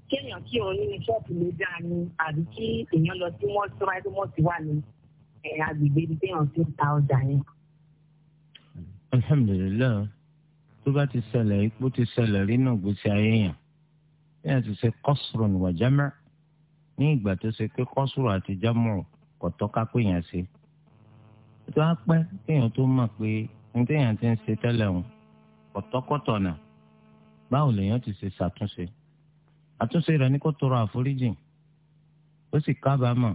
kéèyàn kí òun ní ṣọ́ọ̀bù ló dáa ni àbí kí èèyàn lọ sí mọ́tò tó bá yẹ pé mọ́tò wà ní eh, agbègbè ibi téèyàn ti ń ta ọjà yẹn. alhamdulilayi tó bá ti ṣẹlẹ̀ ipò ti ṣẹlẹ̀ rí náà gbèsè ayé yẹn yẹn ti ṣe kọ́sùrù ní wàjámẹ́ ní ìgbà tó ṣe pé kọ́sùrù àti jámọ̀ kò tọ́ka pé yẹn ṣe. ètò apẹ́ kéèyàn tó mọ̀ pé nítéèyàn ti ń ṣe tẹ́lẹ̀ ń kọ̀tọ́kọ̀tọ̀ náà báwo lèèyàn ti ṣe ṣàtúnṣe. àtúnṣe rẹ̀ ní kó tọrọ àforíjì ó sì kábàámọ̀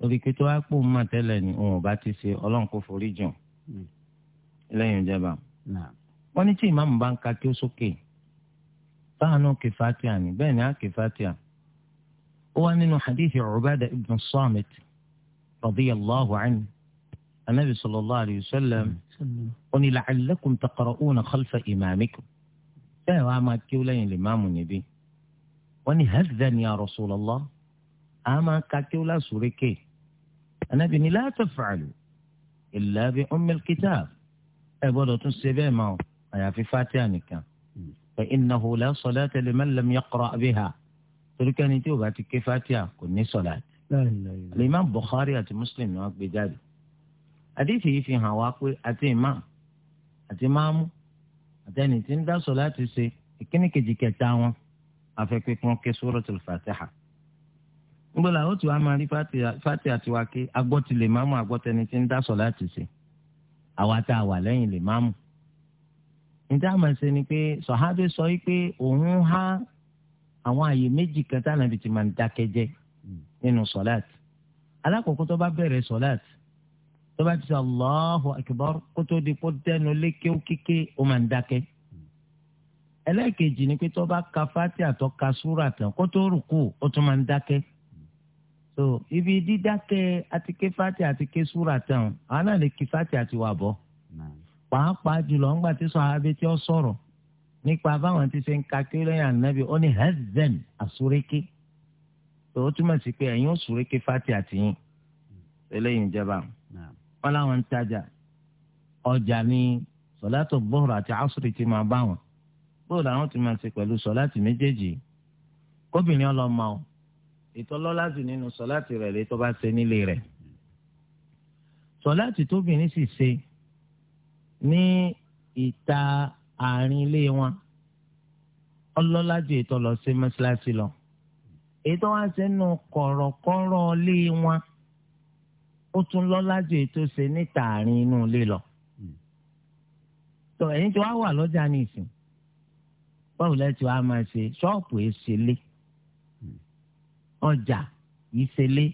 lórí pé tó wá pò ń mọ̀ tẹ́lẹ̀ ni òun ò bá ti ṣe ọlọ́run foríjì hmm. lẹ́yìn ìjọba. wọ́n ní tí ìmáàmù bá ń ka kí ó sókè. So فانو كفاتيا يعني بينها كفاتيا هو من حديث عبادة ابن الصامت رضي الله عنه النبي صلى الله عليه وسلم قل لعلكم تقرؤون خلف إمامكم يا ما كيولين الإمام النبي واني هذن يا رسول الله أما كاكيولا سوريكي أنا بني لا تفعلوا إلا بأم الكتاب أبو دوتون سيبي ما أيا في فاتيانك fa innahu la salata liman lam yaqra biha torí kẹ́ni tí o bá ti ké fatia kò ní sọ̀lá. Imam Bukhari àti Muslim ni wọ́n gbé jáde. Àdìsí yìí fi hàn wá pé àti imam àti máàmú àtẹni tí ń dá sọ̀lá ti ṣe ìkíni kejì kẹta wọn afẹ́pẹ́ kí wọ́n ké Suratul Fatiha. Níbo làwọn tí wàá máa rí fatia ti wá ké agbọ́tí lè máàmú agbọ́tẹni tí ń dá sọ̀lá ti ṣe. Àwa tá a wà lẹ́yìn lè máàmú níta máa ṣe ni pé sọ̀hábí sọ pé òun há àwọn àyè méjì kan tí Ànábì ti máa ń dákẹ́ jẹ́ nínú sọ̀láàtì alákòókò tó bá bẹ̀rẹ̀ sọ̀láàtì tó bá ti sọ Allahu Akbar kó tó di kó dẹnu lékè kéke ó máa ń dákẹ́ ẹlẹ́ẹ̀kejì ni pé tó bá ka fati àtọ́ ka súrà tán kó tó ó tún máa ń dákẹ́ so ibi dídákẹ́ àti ké fati àti ké súrà tán àwọn náà lè ké fati àti wà bọ́ pàápàá jùlọ ńgbà tí sọ̀hábí tí ó sọ̀rọ̀ nípa báwọn ti ṣe ń ka kí lẹ́yìn ànábì ó ní hezden àsúrékè tó o túmọ̀ sí pé ẹ̀yin ó súrékè fati àtìyìn eléyìí ń jẹba wọn láwọn ń tajà ọjà ní sọ̀látò bọ́ọ̀rù àti àsúrì ti máa bá wọn bóòlù làwọn ti máa ṣe pẹ̀lú sọ̀láti méjèèjì kóbìnrin ọlọ́mọ o ìtọ́lọ́láti nínú sọ̀láti rẹ̀ lè tó bá ṣe nílé rẹ̀ sọ̀láti tóbìnrin sì ṣe ní ìta àárín ilé wọn ọlọ́lá ju ètò lọ sí mọ́ṣáláṣí lọ ètò wá sínú kọ̀rọ̀kọ̀rọ̀ ilé wọn ó tún lọ́lá ju ètò ṣe níta àárín inú ilé lọ hmm. tó ẹ̀yin tí wàá wà lọ́jà ní ìsìn báwo lẹ́yìn tí wàá máa ṣe ṣọ́ọ̀pù ìṣẹ̀lẹ̀ hmm. ọjà ìṣẹ̀lẹ̀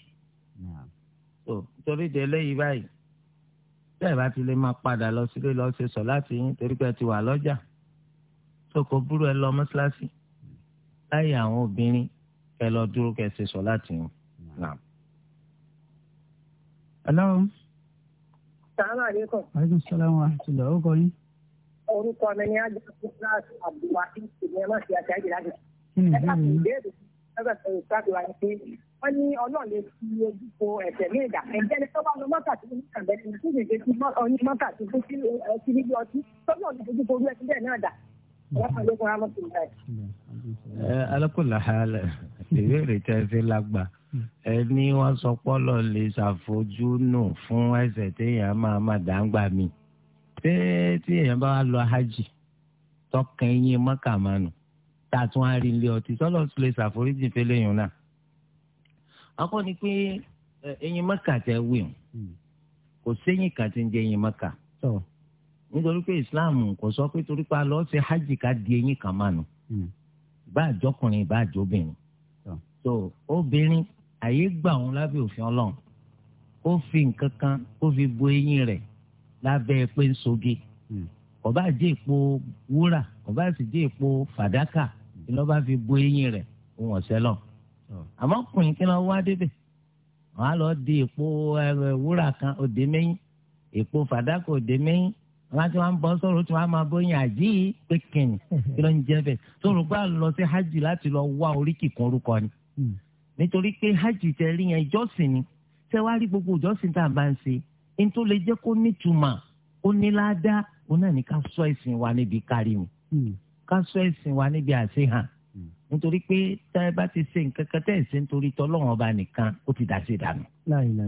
torí de lẹ́yìn báyìí tẹ́ẹ̀ bá ti lè máa padà lọ sílé lọ ṣe sọ láti yín torí pé ẹ ti wà lọ́jà sóko búrú ẹ lọ mọ́ṣáláṣí láyé àwọn obìnrin ẹ lọ dúró kẹ ṣe sọ láti yín. Hello. Assalamu alaikum. Aleykum salaam wa rahmatullahi ó kọ yín. Orúkọ mi ni Ajá Kúláàsì Abdulwahid Ìgbìmọ̀ Ṣìyàṣà Ìjìlá. Kí ni ìbéèrè lọ́sọ̀tẹ̀ ìgbàgbé wa ni pé wọ́n ní ọlọ́run lè fi ojú fo ẹ̀ṣẹ̀ ní ìdá ẹ̀jẹ̀ni tó bá lọ mọ́tà tó ní kàbẹ́ ní kí nìyẹn ti ọní mọ́tà tó tó sí ọtí níbi ọtí tọ́jú ọ̀dọ̀ ojú fo ojú ẹ̀sìn bẹ́ẹ̀ náà dà alákòlàhálẹ ìbéèrè tẹ fi lágbà ẹni wọn sọ pọlọ lè ṣàfojú nù fún ẹ̀ṣẹ̀ téèyàn máa máa dàgbà mi pé tí èèyàn bá wà lọ hajj tọkàn eyín mọ́kàmánu tá a tún á rí ilé ọtí sọlọ tún ṣàforíjì fẹlẹ yìí náà akọ ni pé ẹyin mẹ́kà tẹ wí o hmm. kò séyìn kà ti ń jẹ ẹyin mẹ́kà nítorí pé islam kò sọ pé torí pé a lọ ṣe hajj ká di ẹyin kan mánu hmm. bá àjọkùnrin bá àjọbìnrin so obìnrin àyè gbà òun lábẹ́ òfin ọlọ́run kó fi nǹkan kan kó fi bo eyín rẹ̀ lábẹ́ pé ń soge hmm. kò jẹ́ èpo wúrà kò sì jẹ́ èpo fàdákà ìlọ́ba fi bo eyín rẹ̀ òun ọ̀sẹ̀ lọ. àmọ́ kùnrin kí wọ́n wá débẹ̀ wọ́n á lọ di èpo wúrà kan òde mẹ́yìn èpo fàdákà òde mẹ́yìn wọ́n á ti wá ń bọ́ sọ̀rọ̀ tí wọ́n á máa bóyin àjí pé kìnnì kí ló ń jẹ́ bẹ̀ sọ̀rọ̀ gbà lọ sí hajj láti lọ wá oríkì kan orúkọ ni nítorí pé hajj tẹ rí yẹn ìjọsìn ni tẹ wá rí gbogbo ìjọsìn tá a bá ń ṣe ní tó lè jẹ́ kó nítumọ̀ ó ní ládàá ó náà ní ká sọ ẹ̀sìn wa níbi kárí mi ká sọ ẹ̀sìn wa níbi àṣehàn hmm. nítorí pé tá ẹ bá ti ṣe nǹkan kan tẹ́ ẹ̀ ṣe nítorí tọ́lọ́run ọba nìkan ó ti dá sí ìdánù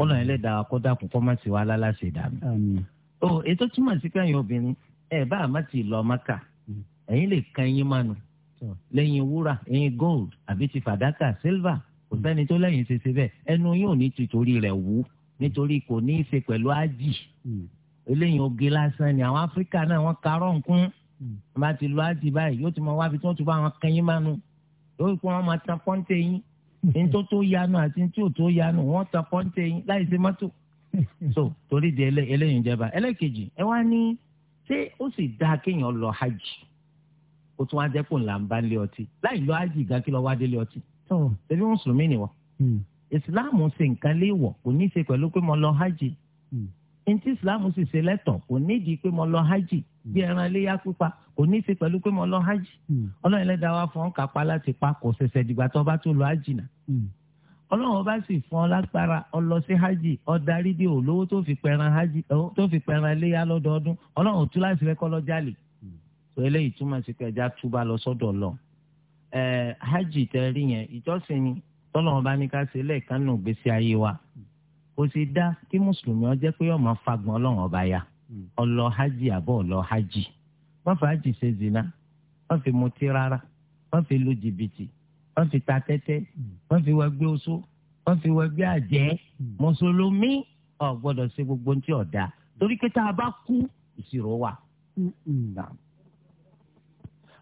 ọlọ́run ẹlẹ́dàá kó dákun kó má sí wa láláṣẹ ìdánù. o ètò túmọ̀ sí pé ẹ̀yin obìnrin ẹ̀ bá àmọ́ ti lọ mọ́kà hmm. ẹ̀yin lè kan ẹyin mánu lẹ́yìn wúrà ẹ̀yin gold àbí ti fàdákà silver kò hmm. sẹ́ni tó lẹ́yìn ṣe ṣe bẹ́ẹ̀ ẹnu yóò ní tìtorí rẹ̀ wú nítorí kò ní í ṣe pẹ̀lú ájì eléyìí bá ti lu ájì báyìí yóò ti máa wá bí tí wọ́n ti bá wọn kẹyìn mánu yóò kó wọn máa tan pọ́ńté yín ní tó tó yanu àti ní tí ò tó yanu wọ́n tan pọ́ńté yín láì sí mọ́tò (laughs) so torí di eléyìí jẹba ẹlẹ́kejì ẹ wá ní ṣé ó sì dáa kéèyàn lọ hajj ó tún wá dẹ́kun là ń bá lé ọtí láì lọ hajj gan kí lọ wá délé ọtí ṣebí mùsùlùmí ni wọ́n hmm. ìsìláàmù ṣe nǹkan léèwọ̀ kò ní í ṣe pẹ̀lú pé mo lọ hajj hmm ntí islam sì ṣe lẹ́tọ̀ kò nídìí pé mo lọ hajj bí ẹran iléyà pípa kò ní í pẹ̀lú pé mo lọ hajj hmm. ọlọ́run ẹlẹ́dàá wa fún kápá láti pa kò ṣẹ̀ṣẹ̀ dìgbà tó bá tó lọ hajj nà hmm. ọlọ́run ọba sì fún ọ lágbára ọlọ sí hajj ọdarí dé olówó tó fi pẹran hajj tó fi pẹran iléyà lọ́dọọdún ọlọ́run ò tú láti rẹ kọ́ lọ́jà lè tó eléyìí túmọ̀ sí pé túbà lọ sọ́dọ̀ lọ ẹ hajj tẹ yẹn ìjọsìn ni tọ́lọ́run ọba ní ká ṣe lẹ́ẹ̀kan nù gbèsè ayé wa kò sì dá kí mùsùlùmí ó jẹ́ pé ó máa fagbọn ọlọ́run ọba ya ọlọ hmm. hajj àbọ̀ ọlọ hajj wọ́n fà hajj ṣe zina wọ́n fi mutí rárá wọ́n fi lu jìbìtì wọ́n fi ta tẹ́tẹ́ wọ́n hmm. fi wẹgbẹ́ oṣó wọ́n fi wẹgbẹ́ àjẹ́ hmm. mùsùlùmí ò gbọ́dọ̀ ṣe gbogbo ní ti ọ̀dà torí pé tá bá kú ìṣirò wà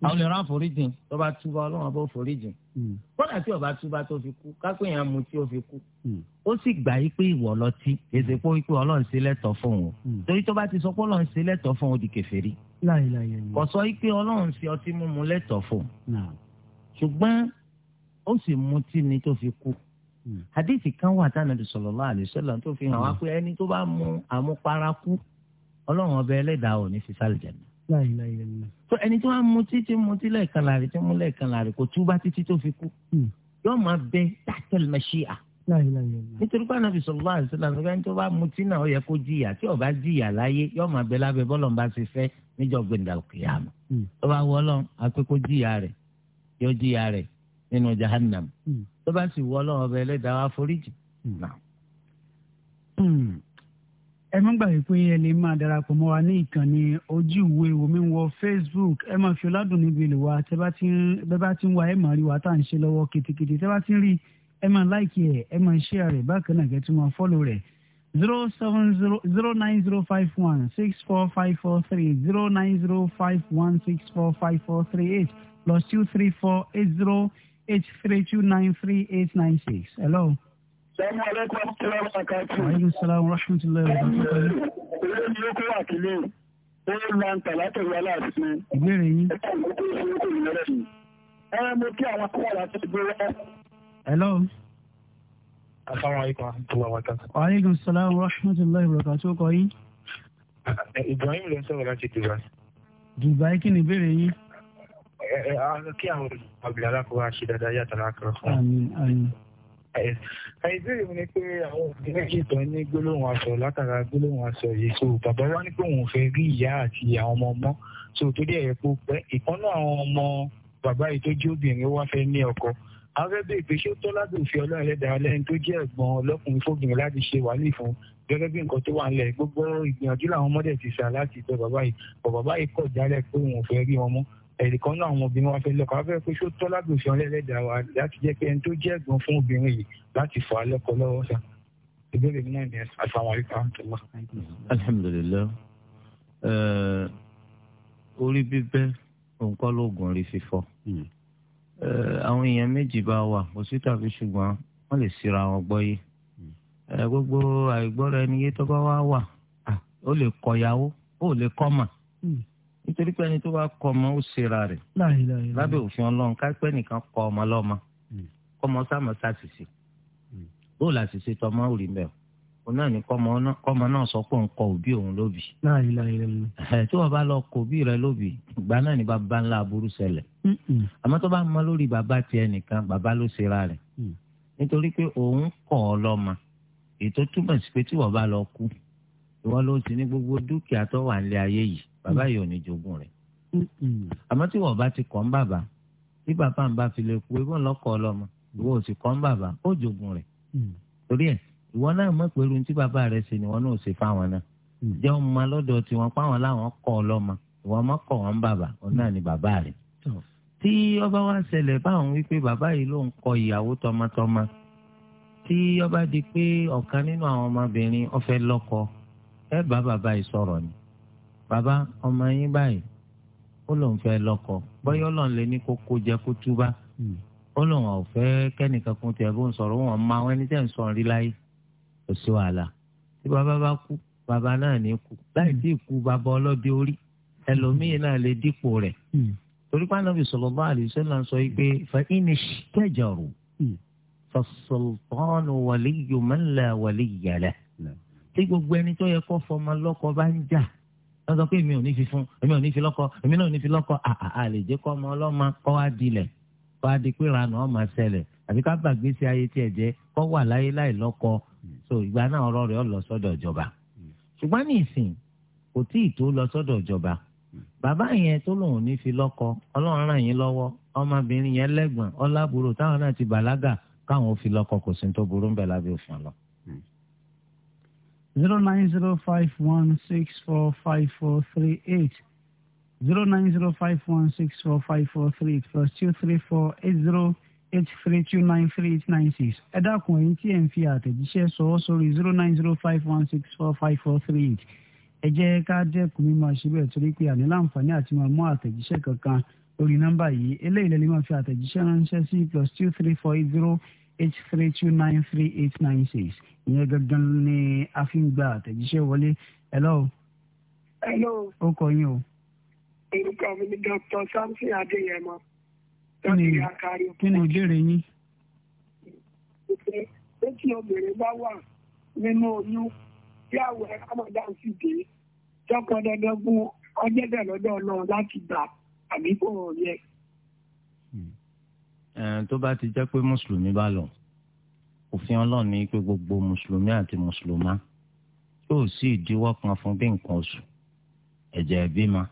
àwọn lè rán foríjìn tó bá túbà ọlọ́run bó foríjìn hmm. kódà tí ó bá túbà tó fi kú kápẹ́ yẹn mu tí ó fi kú. Hmm. ó sì gbà yí pé ìwọ ọlọ́tí èsì pé wípé ọlọ́run ṣe lẹ́tọ̀ọ́ fún òun hmm. torí tó bá ti sọ pé ọlọ́run ṣe lẹ́tọ̀ọ́ fún òun di kèfèrí. kò sọ pé ọlọ́run ṣe ọtí mímu lẹ́tọ̀ọ́ fún òun ṣùgbọ́n ó sì mutí ni tó fi kú. hadith kan wà tánàbí sallallahu alaihi wasallam tó fi hàn wá pé ẹni tó bá mu àmupara kú ọlọ́run ọba ẹlẹ́dàá ò ní fi sálì jẹ̀nà tó ẹni tí wọ́n á mutí tí mutí lẹ́ẹ̀kan láàrin tí mú lẹ́ẹ̀kan láàrin kò túbá títí tó fi kú hmm. yóò máa bẹ tàtẹ́lì mẹ́ṣíà nítorí pé anabi sọlọ àti sọlọ àti sọlọ tó bá mutí náà ó yẹ kó jìyà tí ó bá jìyà láyé yóò máa bẹ lábẹ́ bọ́lọ̀ ń bá ṣe fẹ́ níjọ́ gbẹ̀ndà kìyàmù hmm. tó bá wọ́lọ́ àpé kó jìyà rẹ̀ yóò jìyà rẹ̀ nínú jahannam hmm. tó bá sì wọ́lọ́ ọbẹ̀ ẹlẹ́dàá wa foríjì ẹ má gbàgbé pé ẹ lè máa darapọ̀ mọ́ wa ní ìkànnì ojú ìwé omi wọ facebook ẹ máa fi ọládùn níbi èlò wa tẹ bá ti ń wa ẹ máa rí wa tá à ń ṣe lọ́wọ́ kìtìkìtì tẹ bá ti ń rí ẹ máa láìkì ẹ ẹ máa ṣe àrẹ bákan náà kẹtù máa fọ́lọ̀ rẹ̀ zero seven zero zero nine zero five one six four five four three zero nine zero five one six four five four three eight plus two three four eight zero eight three two nine three eight nine six hello. Sẹ́mú ọlọ́kọ̀ tí wọ́n máa ká tù. Àyè Sàlámù Rashmatullahi wa Bàtàkàlẹ̀. Ilé ni ó kó wà kílé, ó lọ ń tàlátò wà láàfin. Ìbéèrè yín. Ẹ mo kí àwọn akọ́wà láti gbé wá. Hello. Asalaamualeykum wa rahmatulahi wa barakatuh. Wa aleykum salaam wa rahmatulahi wa barakatuh kọ yín. Ibrahim ló ń sọ̀rọ̀ láti Dubai. Dubai kí ni ìbéèrè yín? Kí àwọn àgbẹ̀ alákòwò àṣìdáadáa yàtọ̀ lákàrọ̀ fún àìsírí mi ni pé àwọn òbí méjì tán ní gbólóhùn aṣọ látara gbólóhùn aṣọ yìí so bàbá wa ní pé òun fẹ́ rí ìyá àti àwọn ọmọ mọ́ so tó dé ẹ̀yẹ pé pẹ́ ìkànnà àwọn ọmọ bàbá yìí tó jẹ́ obìnrin wá fẹ́ ní ọkọ arẹ́bẹ̀ pé ṣé ó tọ́ lábẹ́ òfin ọlọ́run ẹlẹ́dàá lẹ́yìn tó jẹ́ ẹ̀gbọ́n ọlọ́kùnrin fóbìnrin láti ṣe wàhálì fún gẹ́gẹ́ bí nǹkan tó wà nílẹ̀ gbogbo ìgbìyànjú làwọn ọmọdé ti sà láti tọ bàbá yìí bọ̀ bàbá yìí kọ̀ jálẹ̀ pé òun ò fẹ́ rí wọn mọ́ ẹ̀rí kan náà àwọn obìnrin wa fẹ́ lọ́kọ afẹ́ pé ṣó tọ́ lábẹ́ òfin ọlẹ́lẹ́dàá wa láti jẹ́ pé ẹni tó jẹ́ ẹ̀gbọ́n fún obìnrin yìí láti fọ alẹ́kọ lọ́wọ́ sa ìbéèrè mi náà nìyẹn àtàwọn àríkà tó wà. alhamdulilayi orí bíbẹ́ nǹkan lóògùn orí fífọ́ hmm. àwọn èèyàn méjì bá wà kò sí tàbí ṣùgbọ́n wọ́n lè síra wọn gbọ́ yé hmm. gbogbo àìgbọ́ra ẹni yé tó bá wà wà ó lè kọ̀yàwó ó lè kọ́ mà hmm nítorí pé ẹni tó bá kọ ọmọ ó ṣera rẹ̀ lábẹ́ òfin ọlọ́run kápẹ́ nìkan kọ ọmọ lọ́mọ hmm. kọ́mọ sáàmù sàṣìṣe hmm. bó la ṣe ṣe tọmọ ò rí mẹ́ọ̀ òun náà ni kọ́mọ náà sọ pé òun kọ òbí òun lóbì tí wọ́n bá lọ kọ òbí rẹ̀ lóbì ìgbà náà ni bàbá ńlá aburú ṣẹlẹ̀ àmọ́ tó bá mọ lórí bàbá tiẹ̀ nìkan bàbá ló ṣera rẹ̀ hmm. nítorí pé òun kọ̀ ọ́ lọ́mọ ètò túmọ̀ sí pé tí wọ́n bá lọ kú ìwọ ló ti ní gbogbo dúkìá tó wà nílé ayé yìí bàbá yìí ò ní jogún rẹ̀ àmọ́ tí wọ́n bá ti kọ́ ń bàbá tí bàbá ń bá fi lè kú ebó ńlọ́kọ̀ ọlọ́mọ ìwọ ò sì kọ́ ń bàbá ó jogún rẹ̀ mm. torí ẹ̀ ìwọ náà mọ̀ pé irun tí bàbá rẹ̀ ṣe ni wọ́n náà ṣe fáwọn náà mm. jẹ́ ọmọ máa lọ́dọ̀ tí wọ́n páwọn láwọn kọ́ ọlọ́mọ ìwọ ọmọ kọ̀ wọ́n bàbá òun náà ni bàbá rẹ̀ tí ọba wa ṣẹlẹ̀ báwọn wípé bàbá yìí ló ń kọ ìyàwó tọmọtọmọ tí ọba di pé ọ̀kan nínú àwọn ọmọbìnrin ó lọ́kọ ẹ bá bàbá yìí sọ̀rọ̀ ni bàbá ọmọ yín báyìí ó lóun fẹ́ lọ́kọ bọ́yọ́ lọ́n lé ní kókó jẹ kó túbá ó hmm. lóun ọ̀fẹ́ kẹ́nìkan kún tiẹ̀ bó ń sọ̀rọ̀ wọn máa wọn ẹni tẹ́ ń sọ̀rọ̀ rí láyé kò sí wàhálà tí bàbá bá kú bàbá náà ní kú láì tí ì kú bàbá orí ẹlòmíín náà lè dípò rẹ̀ hmm. torí pé anábì sallallahu alaihi wasallam sọ pé fa in ishtajaru hmm. fasultanu waliyyu man tí gbogbo ẹni tó yẹ kó fọmọ lọ́kọ bá ń jà wọ́n sọ pé èmi ò ní fi fún èmi ò ní fi lọ́kọ èmi náà ò ní fi lọ́kọ àà lè jẹ́ kọ́ ọmọ ọlọ́mọ kọ́ wá dilẹ̀ kọ́ wá di pé ìranà ọmọ ṣẹlẹ̀ àbí ká gbàgbé sí ayé tí ẹ jẹ́ kọ́ wà láyé láì lọ́kọ so ìgbà náà ọ̀rọ̀ rẹ̀ lọ sọ́dọ̀ ìjọba ṣùgbọ́n ní ìsìn kò tí ì tó lọ sọ́dọ̀ ìjọba bàbá yẹn tó lòun ò ní fi lọ́kọ ọlọ́run ràn yín lọ́wọ́ zero nine zero five one six four five four three eight zero nine zero five one six four five four three plus two three four eight zero eight three two nine three eight nine six ẹ dákun ẹ̀yin tí ẹ ń fi àtẹ̀jíṣẹ́ sọ̀wọ́ sórí zero nine zero five one six four five four three eight ẹ jẹ́ ká dẹ́kun mímọ síbẹ̀ torí pé àní láǹfààní àti máa mú àtẹ̀jíṣẹ́ kankan lórí nọ́mbà yìí eléyìí lẹ́ni máa fi àtẹ̀jíṣẹ́ ránṣẹ́ sí plus two three four eight zero eight three two nine three eight nine six ìyẹn gangan ni a fi ń gba àtẹ̀jíṣẹ́ wọlé hello. hello. ó kọ yín o. orúkọ mi ni dr samson adéyẹmọ. kí ni ìbéèrè yín. pé tí obìnrin bá wà nínú oyún bí àwọ̀ ramadan sì dé tọkọ dandan fún ọjọ́ bẹ̀ lọ́dọ̀ láti gbà àbí kò yẹ. Eh, tó bá ti jẹ́ pé mùsùlùmí bá lọ òfin ọlọ́run ní pé gbogbo mùsùlùmí àti mùsùlùmá yóò sì ìdíwọ́ kan fún bí nǹkan oṣù ẹ̀jẹ̀ ìbímọ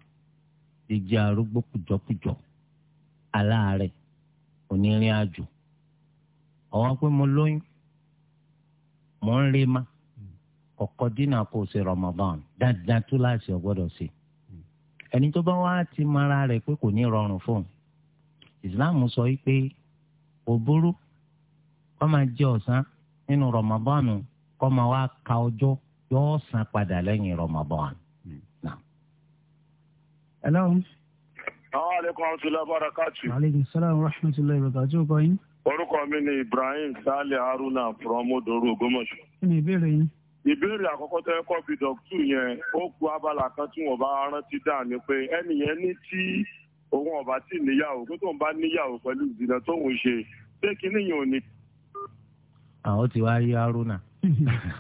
jíjẹ arúgbó kùjọkùjọ aláàárẹ̀ onírìn àjò ọ̀wọ́n pé mo lóyún mo ń rí ma kọ̀kọ́ dínà kó ṣe Ramadan dáadáa tó láti ọgbọ́dọ̀ ṣe hmm. ẹni tó bá wá ti mara rẹ̀ pé kò ní rọrùn fóun Islam sọ pé kò burú kó máa jẹ ọ̀sán nínú rọmọbọ́ọ̀nù kó máa wá ka ọjọ́ yóò san padà lẹ́yìn rọmọbọ́ọ̀nù. Hmm. Hello. Àwọn àlékún àwọn tìlẹ̀ salaam wa rahmatulahi wa barakatuh. Ojú ọkọ Orúkọ mi ni Ibrahim Sale Haruna from Odoro Ògbómọ̀ṣọ́. Kí ni ìbéèrè yín? ìbéèrè àkọ́kọ́ kọ́ yẹn ó ku abala kan tí wọ́n bá rántí tí òun ọba tí níyàwó kó tóun bá níyàwó pẹ̀lú ìdìnnà tóun ṣe pé kínní yẹn ò ní. àwọn ti wá rí haruna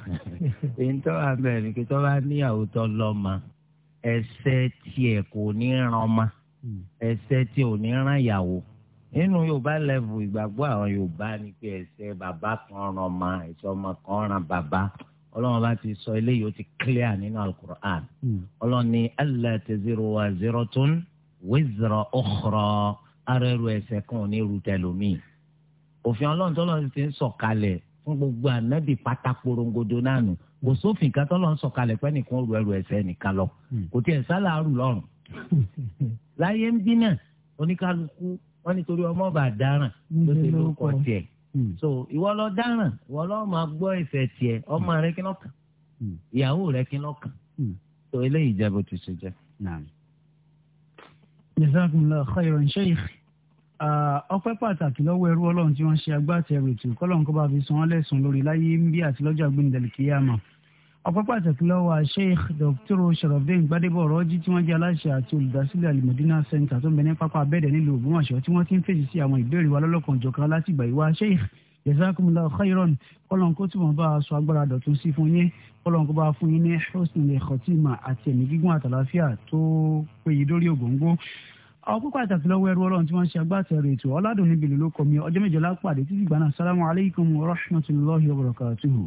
(laughs) èyí tó wà bẹ́ẹ̀ ni kí tó bá níyàwó tó lọ́mọ ẹsẹ̀ tiẹ̀ kò ní ràn ọmọ ẹsẹ̀ tiẹ̀ ò ní ràn ìyàwó nínú yorùbá lẹ́vù ìgbàgbọ́ àwọn yorùbá ni pé ẹsẹ̀ bàbá kan ràn ọmọ ẹsẹ̀ ọmọ kan ràn bàbá ọlọ́run bá ti sọ eléyìí ó ti clear nínú alukur'an hmm. ọlọ́run ni alla taziru wa ziratun wizra ukhra ara ẹrù ẹ̀ṣẹ̀ kan ò ní ru tẹlómìn òfin ọlọ́run tó lọ́n ti ń sọ̀kalẹ̀ fún gbogbo ànábì pátá porongodo náà nù kò sófin kan tó lọ́n sọ̀kalẹ̀ pé nìkan ru ẹrù ẹ̀ṣẹ̀ nìkan lọ hmm. kò tiẹ̀ sálàárù lọ́rùn (laughs) láyé ń bí oníkálukú wọn nítorí ọmọ bá dáràn ló ti lórúkọ tiẹ̀ hmm. so ìwọ lọ dáràn ìwọ lọ máa gbọ́ ẹ̀ṣẹ̀ tiẹ̀ ọmọ hmm. rẹ kí lọ́kàn ìyàwó rẹ kí lọ́kàn so eléyìí jẹ́ bó ti ṣe jẹ́ jazakumullahu khairan sheikh ọpẹ́ pàtàkì lọ́wọ́ ẹrú ọlọ́run tí wọ́n ṣe agbátẹrù ètò kọ́lọ́n kó bá fi san án lẹ́sùn lórí láyé ń bí àti lọ́jọ́ àgbẹ̀ndẹ̀lẹ̀ kíyàmà ọpẹ́ pàtàkì lọ́wọ́ sheikh dr sharafdin gbadebo ọ̀rọ̀jì tí wọ́n jẹ́ aláṣẹ àti olùdásílẹ̀ alimọ̀dínà center tó ń bẹ ní pápá abẹ́ẹ̀dẹ̀ nílùú ògbómọ̀ṣọ́ tí wọ́n ti ń fèsì sí àwọn ìbéèrè wa lọ́lọ́kanjọ̀kan látìgbà ìwá sheikh jazakumullahu khairan kọlọ́n kó túbọ̀ bá a sọ agbára dọ̀tún sí fún yín kọlọ́n kó bá a fún yín ní husnul khatima àti ẹ̀mí gígùn àtàlàfíà tó péye dórí ògóńgó àwọn púpọ̀ àtàtì lọ́wọ́ ẹrú ọlọ́run tí wọ́n ń ṣe agbátẹrù ètò ọ̀làdùn níbi ìlú ló kọ́ mi ọjọ́ méje lápàdé títí gbaná sálámù alaykum wa rahmatulahi wa barakatuhu.